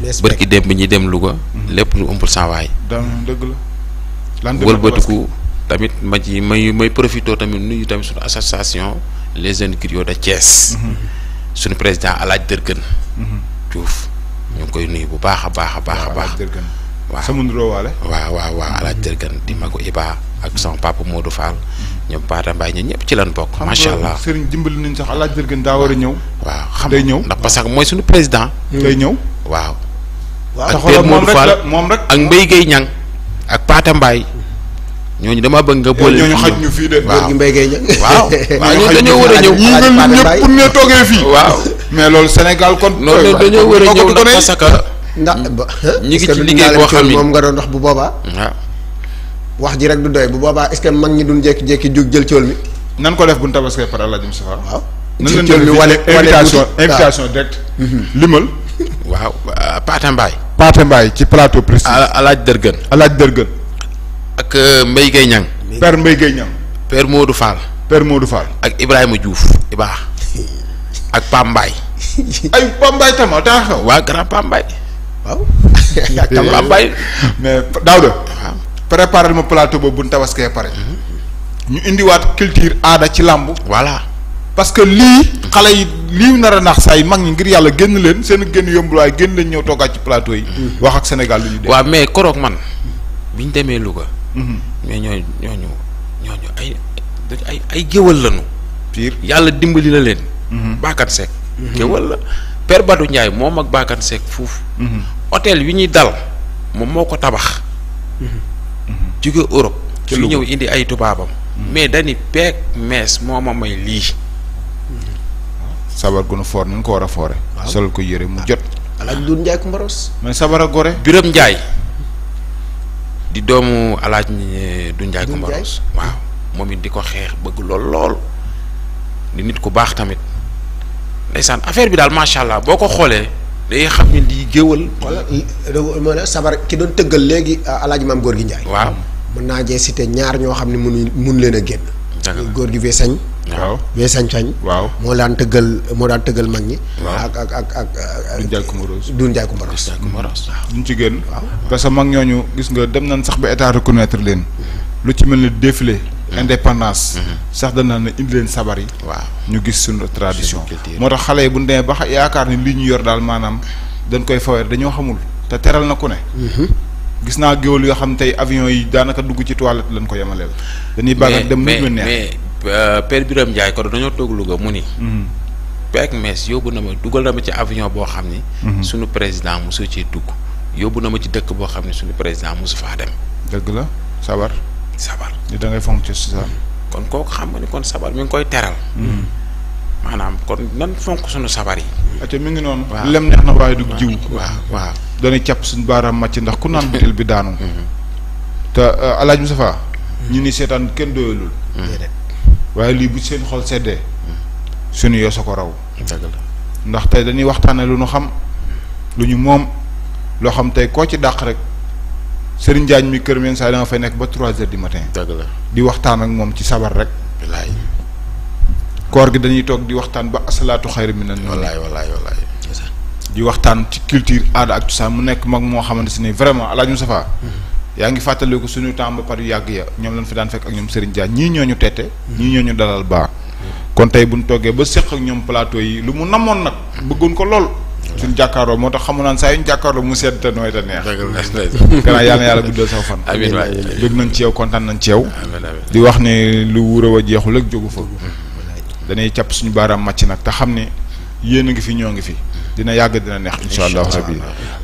bërki dem bi ñuy dem Louga. Mhm. lépp lu ëmbul saa waay. dëgg la. lan wëlbatiku tamit ma ci may may profité tamit nuyu tamit suñu association les jeunes griots de Thiès. Mhm. suñu président alaaj Dërgën. Mhm. Diouf ñu ngi koy nuyu bu baax a baax a baax a baax. waaw sama nuroo waale. waaw waaw waaw alaaj Dërgën di ma ko Ibaa ak son moo Modou Fall. ñoom Paata Mbaay ñi ñëpp ci lan bokk. macha allah sëriñ dimbali nañ sax alaaj jërgën daa war a ñëw. waaw xam day ndax parce que mooy suñu président. Mm. day ñëw waaw. ak Père Modou Fall moom rek ak Mbaye Guèye Niang ak Paata Mbaay ñooñu dama bëgg nga boole. ñooñu ñu fii de. waaw Mbaye Guèye Niang. waaw ñooñu dañoo war a ñëw. ñii nga lim ñëpp pour ñu fii. waaw mais loolu senegal kon. loolu dañoo war a ñëw ndax parce que. ñi ngi ci liggéey boo xam ni moom nga doon bu boobaa. wax ji rek du doy bu boba est ce que mag ñi duñ jek jékki jóg jël cool mi. nan ko def bu tabaske par Allah dim Mustafaa. waaw jël cool mi walé invitation invitation direct. Mhm. limal. waaw euh, Paate bay Paate bay ci plateau précis. Alaaj Dërgën. Alaaj dergen ak euh, mbey gay ñang Père mbey gay ñang Père Modou Fall. Père Modou Fall. ak Ibrahima Diouf Iba. ak Pam bay ay Pam bay tam daa wa grand Pam bay waaw. ak Pam bay mais daw de préparer ma plateau boobu bu ñu tabaskee pare. ñu indiwaat culture aada ci làmb. voilà parce que lii. xale yi lii nar a naax saa yi mag ñi ngir yàlla génn leen seen génn yomb waaye génn leen ñëw toogaat ci plateau yi. Mm-hmm. wax ak Sénégal lu ñu dee. waaw mais koroog man biñ demee Louga. Mm-hmm. mais ñooñu ñooñu ñooñu ay ay ay géwal lañu. pire yàlla dimbali la leen. Mm-hmm. Bakar Seck. géwal la Père Badou Ndiaye moom ak Bakar seek foofu. hôtel wi ñuy dal moom moo ko tabax. Juga Europe ci ñew indi ay tubabam hmm. mais dañi pek mes moma may li sabar gunu for ñu ko wara foré sol ko yéré mu jot alaaj Ndour jaay ku mbaros man sabar a gore Biram jaay di doomu alaaj eh, du jaay ku mbaros waaw momit diko xex bëgg lool lool di nit ku baax tamit ndaysan affaire bi dal machallah boko xolé day xam sabar ki doon tëggal legi alaaj mam gor gi waaw mën naa jee cité ñaar ñoo xam ne mënuñ mun leen a génn. d'accord góor gi sañ waaw Wesañ Fañ. waaw moo daan tëggal moo daan tëggal mag ñi. ak ak ak ak ak. Doudou Ndiaye Coumba Rose Doudou Ndiaye Coumba Rose. duñ ci génn. waaw parce que mag ñooñu gis nga dem nañ sax ba état reconnaître leen. lu ci mel ni défilé. indépendance. Mm-hmm. sax danaa ne indi leen sabar yi. waaw ñu gis suñu tradition. moo tax xale yi bu ñu ba ba yaakaar ni lii ñu yor daal maanaam dañ koy fawer dañoo xamul te teral na ku ne. Mm-hmm. gis naa géwél yoo xam tey avion yi daanaka dugg ci toilette lañ ko yemaleel. dañuy bàgg dem mu ñu neex mais mais euh, Père dañoo toog Louga mu ni. Mm-hmm. peeg mees yóbbu na ma dugal na ma ci avion boo xam ni. Mm-hmm. suñu président mosu ci dugg. yóbbu na ma ci dëkk boo xam ne suñu président mosu faa dem. dëgg la sabar. sabar da ngay fonk ci sa. Mm-hmm. kon kooku xam nga ni kon sabar mi ngi koy teral. manam kon nan fonk sunu sabar yi. ate mi ngi lem neex na way du jiw. waaw waaw dana ciap sun baram macc ndax ku nan bitel bi daanu. Mhm. ta euh, alaaj Moustapha mhm. ñu ni seetaan kenn doyalul. Mhm. waye li bu seen xol seddee. sunu yoo sa ko raw. ndax tay dañuy waxtane lu ñu xam lu ñu mom lo xam tay ko ci dakh rek Serigne mi keur men sa da fay nek ba 3h du matin. di waxtaan ak mom ci sabar rek koor gi dañuy tok di waxtaan ba aslatu khair min an wallahi wallahi wallahi di waxtaan ci culture aada ak ça mu nek mag mo xamanteni vraiment alaaj Moustapha mhm. yaangi fatale ko suñu temps ba par yu ya ñom lañ fi daan fek ak ñom Serigne Dia ñi ñoñu tété mhm. ñi ñoñu dalal ba kon tay buñ toggé ba sekk ak ñom plateau yi lu mu namon nak bëggoon ko lol suñu jàkkaarloo motax xamu naan yuñ jàkkaarloo mu sedd neex guddal sa fan amin waay nañ ci yow nañ ci yow di wax ne lu wuro wa ak fa danay càpp suñu baaraam màcc nag te xam ne yéen a ngi fi ñoo ngi fi dina yàgg dina neex incha allahu rabbi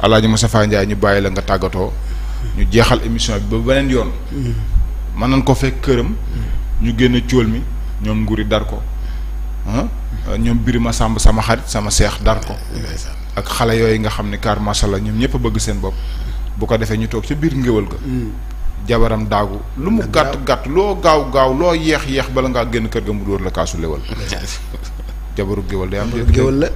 alaaji Moustapha Ndiaye ñu bàyyi la nga tàggatoo ñu jeexal émission bi ba beneen yoon mm-hmm. mën nañ ko fekk këram mm-hmm. ñu génn cóol mi ñoom nguri dar ko ah? mm-hmm. ñoom ma sàmb sama xarit sama seex dar ko ak xale yooyu nga xam ne car masha Allah ñoom ñëpp a bëgg seen bopp bu ko defee ñu toog ca biir ngéwal ga jabaram daagu lu mu gàtt gàtt loo gaaw gaaw loo yeex yeex bala ngaa génn kër ga mu dóor la kaasu lewal jabaru géwal day am géwal la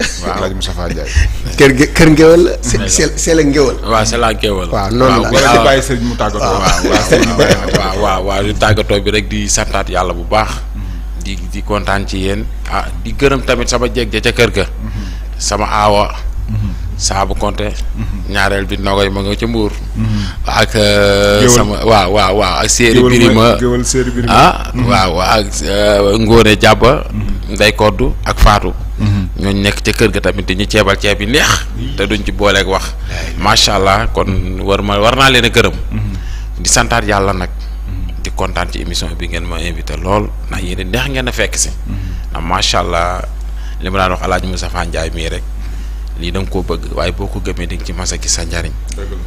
kër kër la c'est la géwal waaw c'est la di bàyyi sëriñ mu tàggatoo tàggatoo bi rek di santaat yàlla bu baax mm-hmm. di di kontaan ci yéen ah di gërëm tamit sama jeeg ja ca kër ga mm-hmm. sama aawa mm-hmm. saabu Konte. Mhm. ñaareel bi nogoy ma nga ca Mbour. Mhm. ak euh, sama waaw waaw waaw ak. séeri birima ah mhm. waaw waaw ak euh, Ngone jàbba Ndey Koddu ak Faatu ñooñ nekk ca kër ga tamit di ñu ceebal ceeb yi neex. te duñ ci booleek wax. macha allah kon war ma war naa leen a gërëm. di santaat yàlla nag. di kontaan ci émission bi ngeen ma invité lool ndax yéen neex ngeen a fekk si. ndax macha allah li ma daan wax El Hadj Moussa Ndiaye mii rek. lii da nga koo bëgg waaye boo ko gëmee di ci mas a gis sa njariñ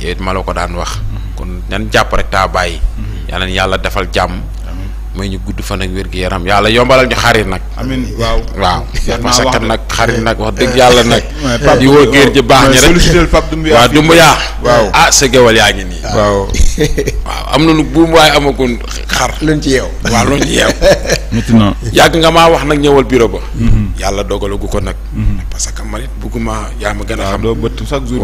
yow ma la ko daan wax kon nan jàpp rek taa bàyyi mm-hmm. yal na yàlla defal jàmm mooy ñu gudd fan ak wér gi yaram yàlla yombalal ñu xarit nag. amiin waaw waaw. parce que nag xarit nag wax dëgg eh. yàlla nag. di woo géer ji baax ñi rek sollicité Pape Doumbia. waaw Doumbia. waaw ah sa gewal yaa ngi nii. waaw am na lu buum waaye amagun xar. luñ ci yeew waaw luñ ci yeew. maintenant yàgg nga maa wax nag ñëwal bureau ba. Mm-hmm. yàlla dogalagu ko nag. Mm-hmm. parce que man it bëgguma yaa ma gën a xam. waaw doo bët chaque jour.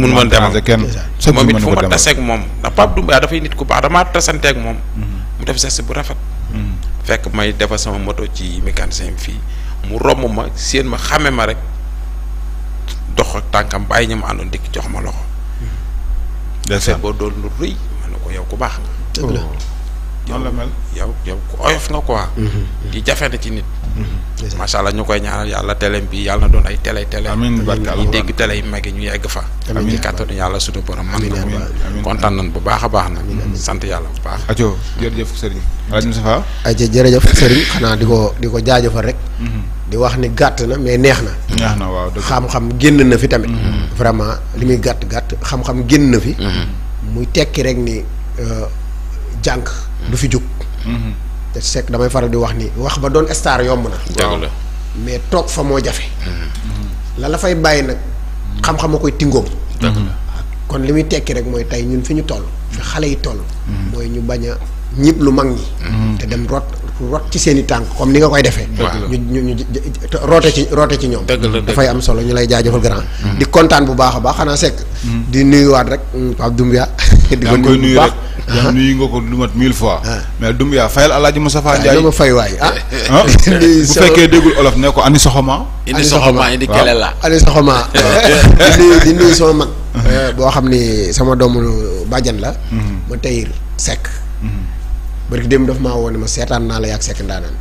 mun ma demal. chaque ma demal moom it fu ma taseeg moom ndax Pape Doumbia dafay nit ku moom mm-hmm. def geste bu rafet. Hmm. fekk may defar sama moto ci mécanicien bi fii mu romb ma séen ma xame ma rek dox ak tànkam bàyyi ñu ma àndoon dikk jox ma loxo. ndeysaan boo doon lu rëy ma ne ko yow ku baax nga. la yow yow ku oyof nga quoi. Hmm, hmm, di jafe na ci nit. Mm-hmm. macha allah ñu koy ñaanal yàlla teleem bi yàlla na doon ay télé télé ñu dégg télé yi mag yi ñu yegg fa ci kàttanu yàlla suñu borom man na kontaan nañ bu baax a baax na sant yàlla bu baax ajo jërëjëf sëriñ alaj Moustapha ajo jërëjëf sëriñ xanaa di ko di ko jaajëfal rek mm-hmm. di wax ni gàtt na mais neex na neex na waaw xam-xam génn na fi tamit mm-hmm. vraiment li muy gàtt-gàtt xam-xam génn na fi muy tekki rek ni euh, jànq du fi jug te Seck damay faral di wax ni wax ba doon star yomb na. mais toog fa moo jafe. Mm-hmm. la la fay bàyyi nag xam-xam a koy tingoom. kon li muy tekki rek mooy tey ñun fi ñu toll. fi xale yi toll. Mm-hmm. mooy ñu bañ a ñib lu mag ñi. Mm-hmm. te dem rot rot ci seen i tànk comme ni nga koy defee. ñu ñu ñu roote ci roote ci ñoom. dafay am solo ñu lay jaajëfal grand. Mm-hmm. di kontaan bu baax a baax xanaa sekk. Mm-hmm. di nuyuwaat rek mm, Pape Doumbia. di ko nuyu bu baax yaa nga ko lu mat mille fois. Ah. mais Doumbia fayal El Hadj Moustapha ah, Ndiaye ma fay waay ah. ah. bu fekkee déggul olof ne ko ani soxoma. ani soxoma ani soxoma ani soxoma di nuyu di nuyu sama mag. Eh, boo xam ni sama doomu bàjjan la. Mm-hmm. ma teyir sekk. bari dem daf maa woo ne ma seetaan naa la yàgg sekk ndaanaan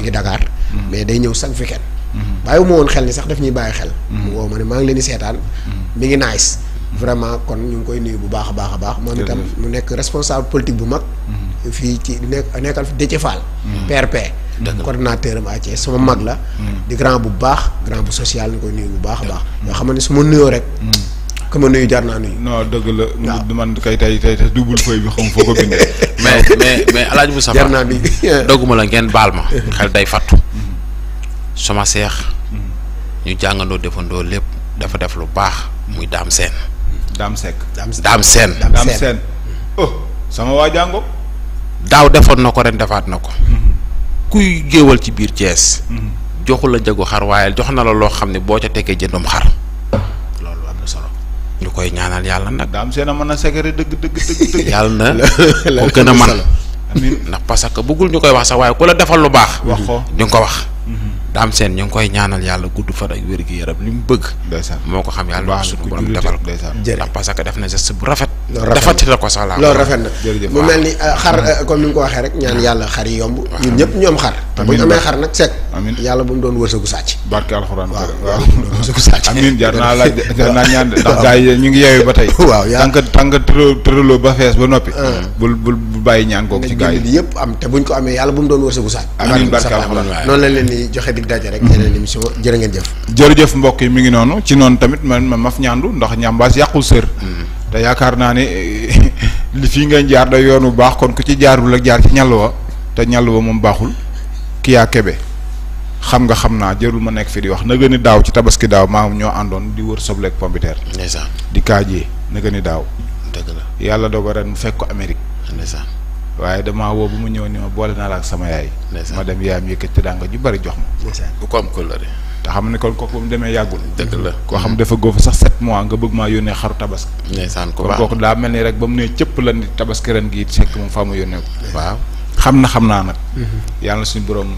ngi Dakar mm-hmm. mais day ñëw chaque weekend mm-hmm. bàyyi ma woon xel ni sax daf ñuy bàyyi xel mm-hmm. mu woo ma ne maa ngi leen di seetaan mi ngi nice vraiment kon ñu ngi koy nuyu bu baax a baax a baax moom itam mu nekk responsable politique bu mag fii ci nekk nekkal fi Déthié Fall PRP coordinateur am Thiès sama mag la di grand bu baax grand bu social ñu koy nuyu bu baax a baax yoo xam ne su ma nuyoo rek ku nuyu jar naa nuyu. non dëgg la. waaw man kay bi xam mais mais mais El Hadj Moussa. jar dogguma la ngeen baal ma. xel day fattu. Mm-hmm. sama seex. Mm-hmm. ñu jàngandoo defandoo lépp dafa def lu baax muy daam seen. daam sekk daam seen sama waa jàngo daaw defoon na ko ren defaat na ko. Mm-hmm. kuy géewal ci biir Thiès. joxu la jagu xar waaye jox na la loo xam ne boo ca tekkee jëndum xar. ñu koy ñaanal yàlla nag. daa am seen a mën a segere dëgg dëgg dëgg dëgg. yàlla na ko gën a man ndax parce que bëggul ñu koy wax sax waaye ku la defal lu baax. wax ko di nga ko wax. daam seen ñu ngi koy ñaanal yàlla gudd fan ak wér gi yaram li mu bëgg. moo ko xam yàlla suñu borom defal ko. ndax parce que def na geste bu rafet. defati na ko sax la loolu rafet na mu mel ni xar euh, comme ni nga ko waxee rek ñaan yàlla xar yi yomb. ñun ñëpp ñoom xar. bu ñu amee xar nag seet. amiin yàlla bu mu doon wërsëgu sàcc. barke alxuraan waaw waaw wërsëgu sàcc. amiin jaar naa laaj jaar naa ñaan ndax gars yi ñu ngi yeewu ba tey. waaw yaa tànk tànk tëraloo ba fees ba noppi. Ah. bul bul bàyyi ñaan kooku ci gars yi yëpp am te buñ ko amee yàlla bu mu doon wërsëgu sàcc. amiin barke alxuraan noonu lañ leen di joxe dig daje rek yeneen émission jërë ngeen jëf jërëjëf mbokk mi ngi noonu ci noonu tamit man maf ñaandu ndax ñambaas yàqul sër mm-hmm. te yaakaar naa ne li fii ngeen jaar da yoon bu kon ku ci jaarul ak jaar ci ñàll te ñàll wa moom ki yaa kebe xam nga xam naa jërul ma nekk fi di wax na gën a ci tabaski daaw maa ñoo àndoon di wër soble ak di na la ren fekk waaye damaa woo bu mu ñëw ni ma boole naa la ak sama yaay. ma dem yaayam yëkkati teraanga ju bari jox ma. bu ko am kóllëre te xam ne kon kooku ba mu demee yàggul. dëgg la koo xam mm-hmm. dafa góof sax sept mois nga bëgg maa yónnee xaru tabaski. ndeysaan ko baax kon kooku daa mel ni rek ba mu ne cëpp la ni tabaski ren gi it sekk moom faa ma yónnee waaw xam na xam naa nag. Mm-hmm. yàlla na suñu borom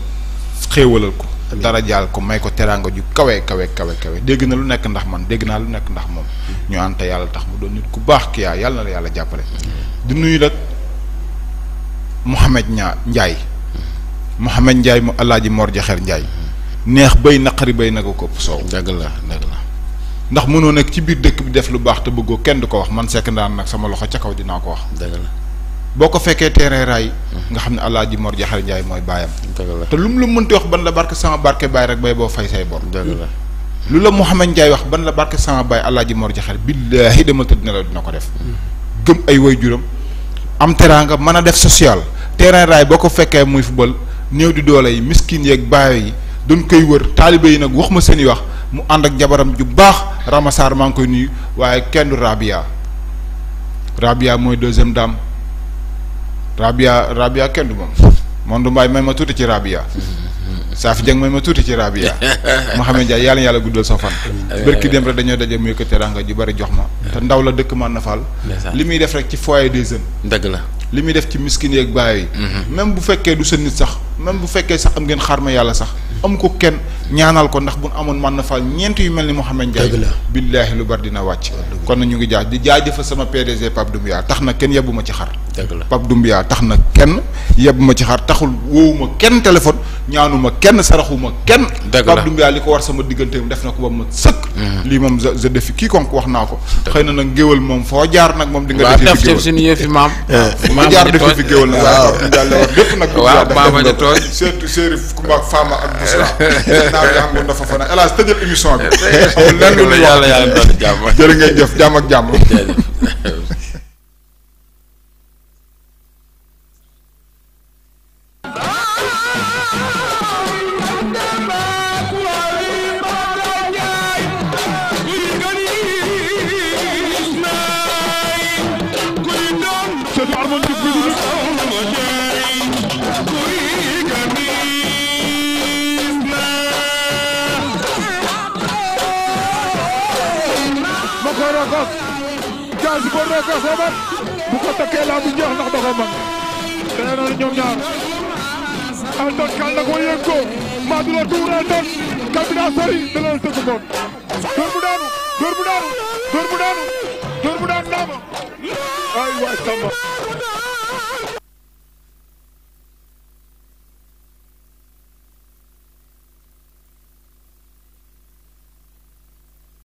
xéewalal ko. dara jaal ko may ko teraanga ju kawe kawe kawe kawe mm-hmm. dégg na lu nekk ndax man dégg naa lu nekk ndax moom. ñu ànte yàlla tax mu doon nit ku baax ki yaa yàlla jàppale. Mohamed jai, Ndiaye Mohamed Ndiaye mu alaaji Mor Jaxeer Ndiaye neex bay naqari bay na ko so deug la deug la ndax mëno ci biir dekk bi def lu baax te bëggo kenn du ko wax man sék ndaan nak sama loxo ci kaw dina ko wax deug la boko ko fekkee ray mm-hmm. nga xamni ne Mor Jaxeer Ndiaye moy bayam deug la te lu mën ti wax ban la barke sama barke bay rek bay bo fay say bor deug la lu la Mohamed Ndiaye wax ban la barke sama bay alaaji Mor billahi dama ne la dina ko def mm-hmm. gëm ay way juram am teraanga mën a def social terrain raay boo ko fekkee muy football néew di doole yi miskin yeeg baayo yi doon koy wër taalibe yi nag wax ma seen wax mu ànd ak jabaram ju baax ramasaar maa ngi koy nuyu waaye kenn du Rabia Rabia mooy deuxième dame Rabia Rabia kenn du moom Mondou Mbaye may ma tuuti ci Rabia. Mm-hmm. Saafi Dieng may ma tuuti ci Rabia Mouhamed Ndiaye yàlla yàlla guddal sa fan bërki dem rek dañoo daje muy ko teranga ji bari jox ma te ndaw la dëkk man na faal li muy def rek ci foyer de jeunes dëgg la li muy def ci miskin yeeg baay yi mm-hmm. même bu fekkee du sa nit sax même bu fekkee sax am ngeen xaar ma yàlla sax am ko kenn ñaanal ko ndax bu amoon man na faal ñeent yu mel ni Mouhamed Ndiaye billaahi lu bari dina wàcc kon na ñu ngi jaaj di jaajëfal sama PDG Pape Doumbia tax na kenn yebbu ma ci xar Pape Doumbia tax na kenn yebbu ma ci xar taxul wóowuma kenn téléphone ñaanuma kenn saraxuma kenn Pape Doumbia li ko war sama digganteem def na ko ba ma sëkk mm-hmm. lii moom je défie quiconque wax naa ko xëy na nag géwal moom foo jaar nag moom di nga defi fi géwal fu ma kon surtout Chérif Koumba ak Fama ak Moussa naa yaa ngi dafa fa El Hadj tëjal émission bi. amul lenn lu yàlla yàlla doon jàmm. jërë ngeen jëf jàmm ak jàmm. ko xamat bu ko takkee laa bu ñor ndax da ko mën dana noonu ñoom ñaar Elton kal na ko yëg ko maa du la tuur Elton kal bi daa sori dana la tëgg boon door bu daanu door bu daanu door bu daanu door bu daanu daama ay waay Samba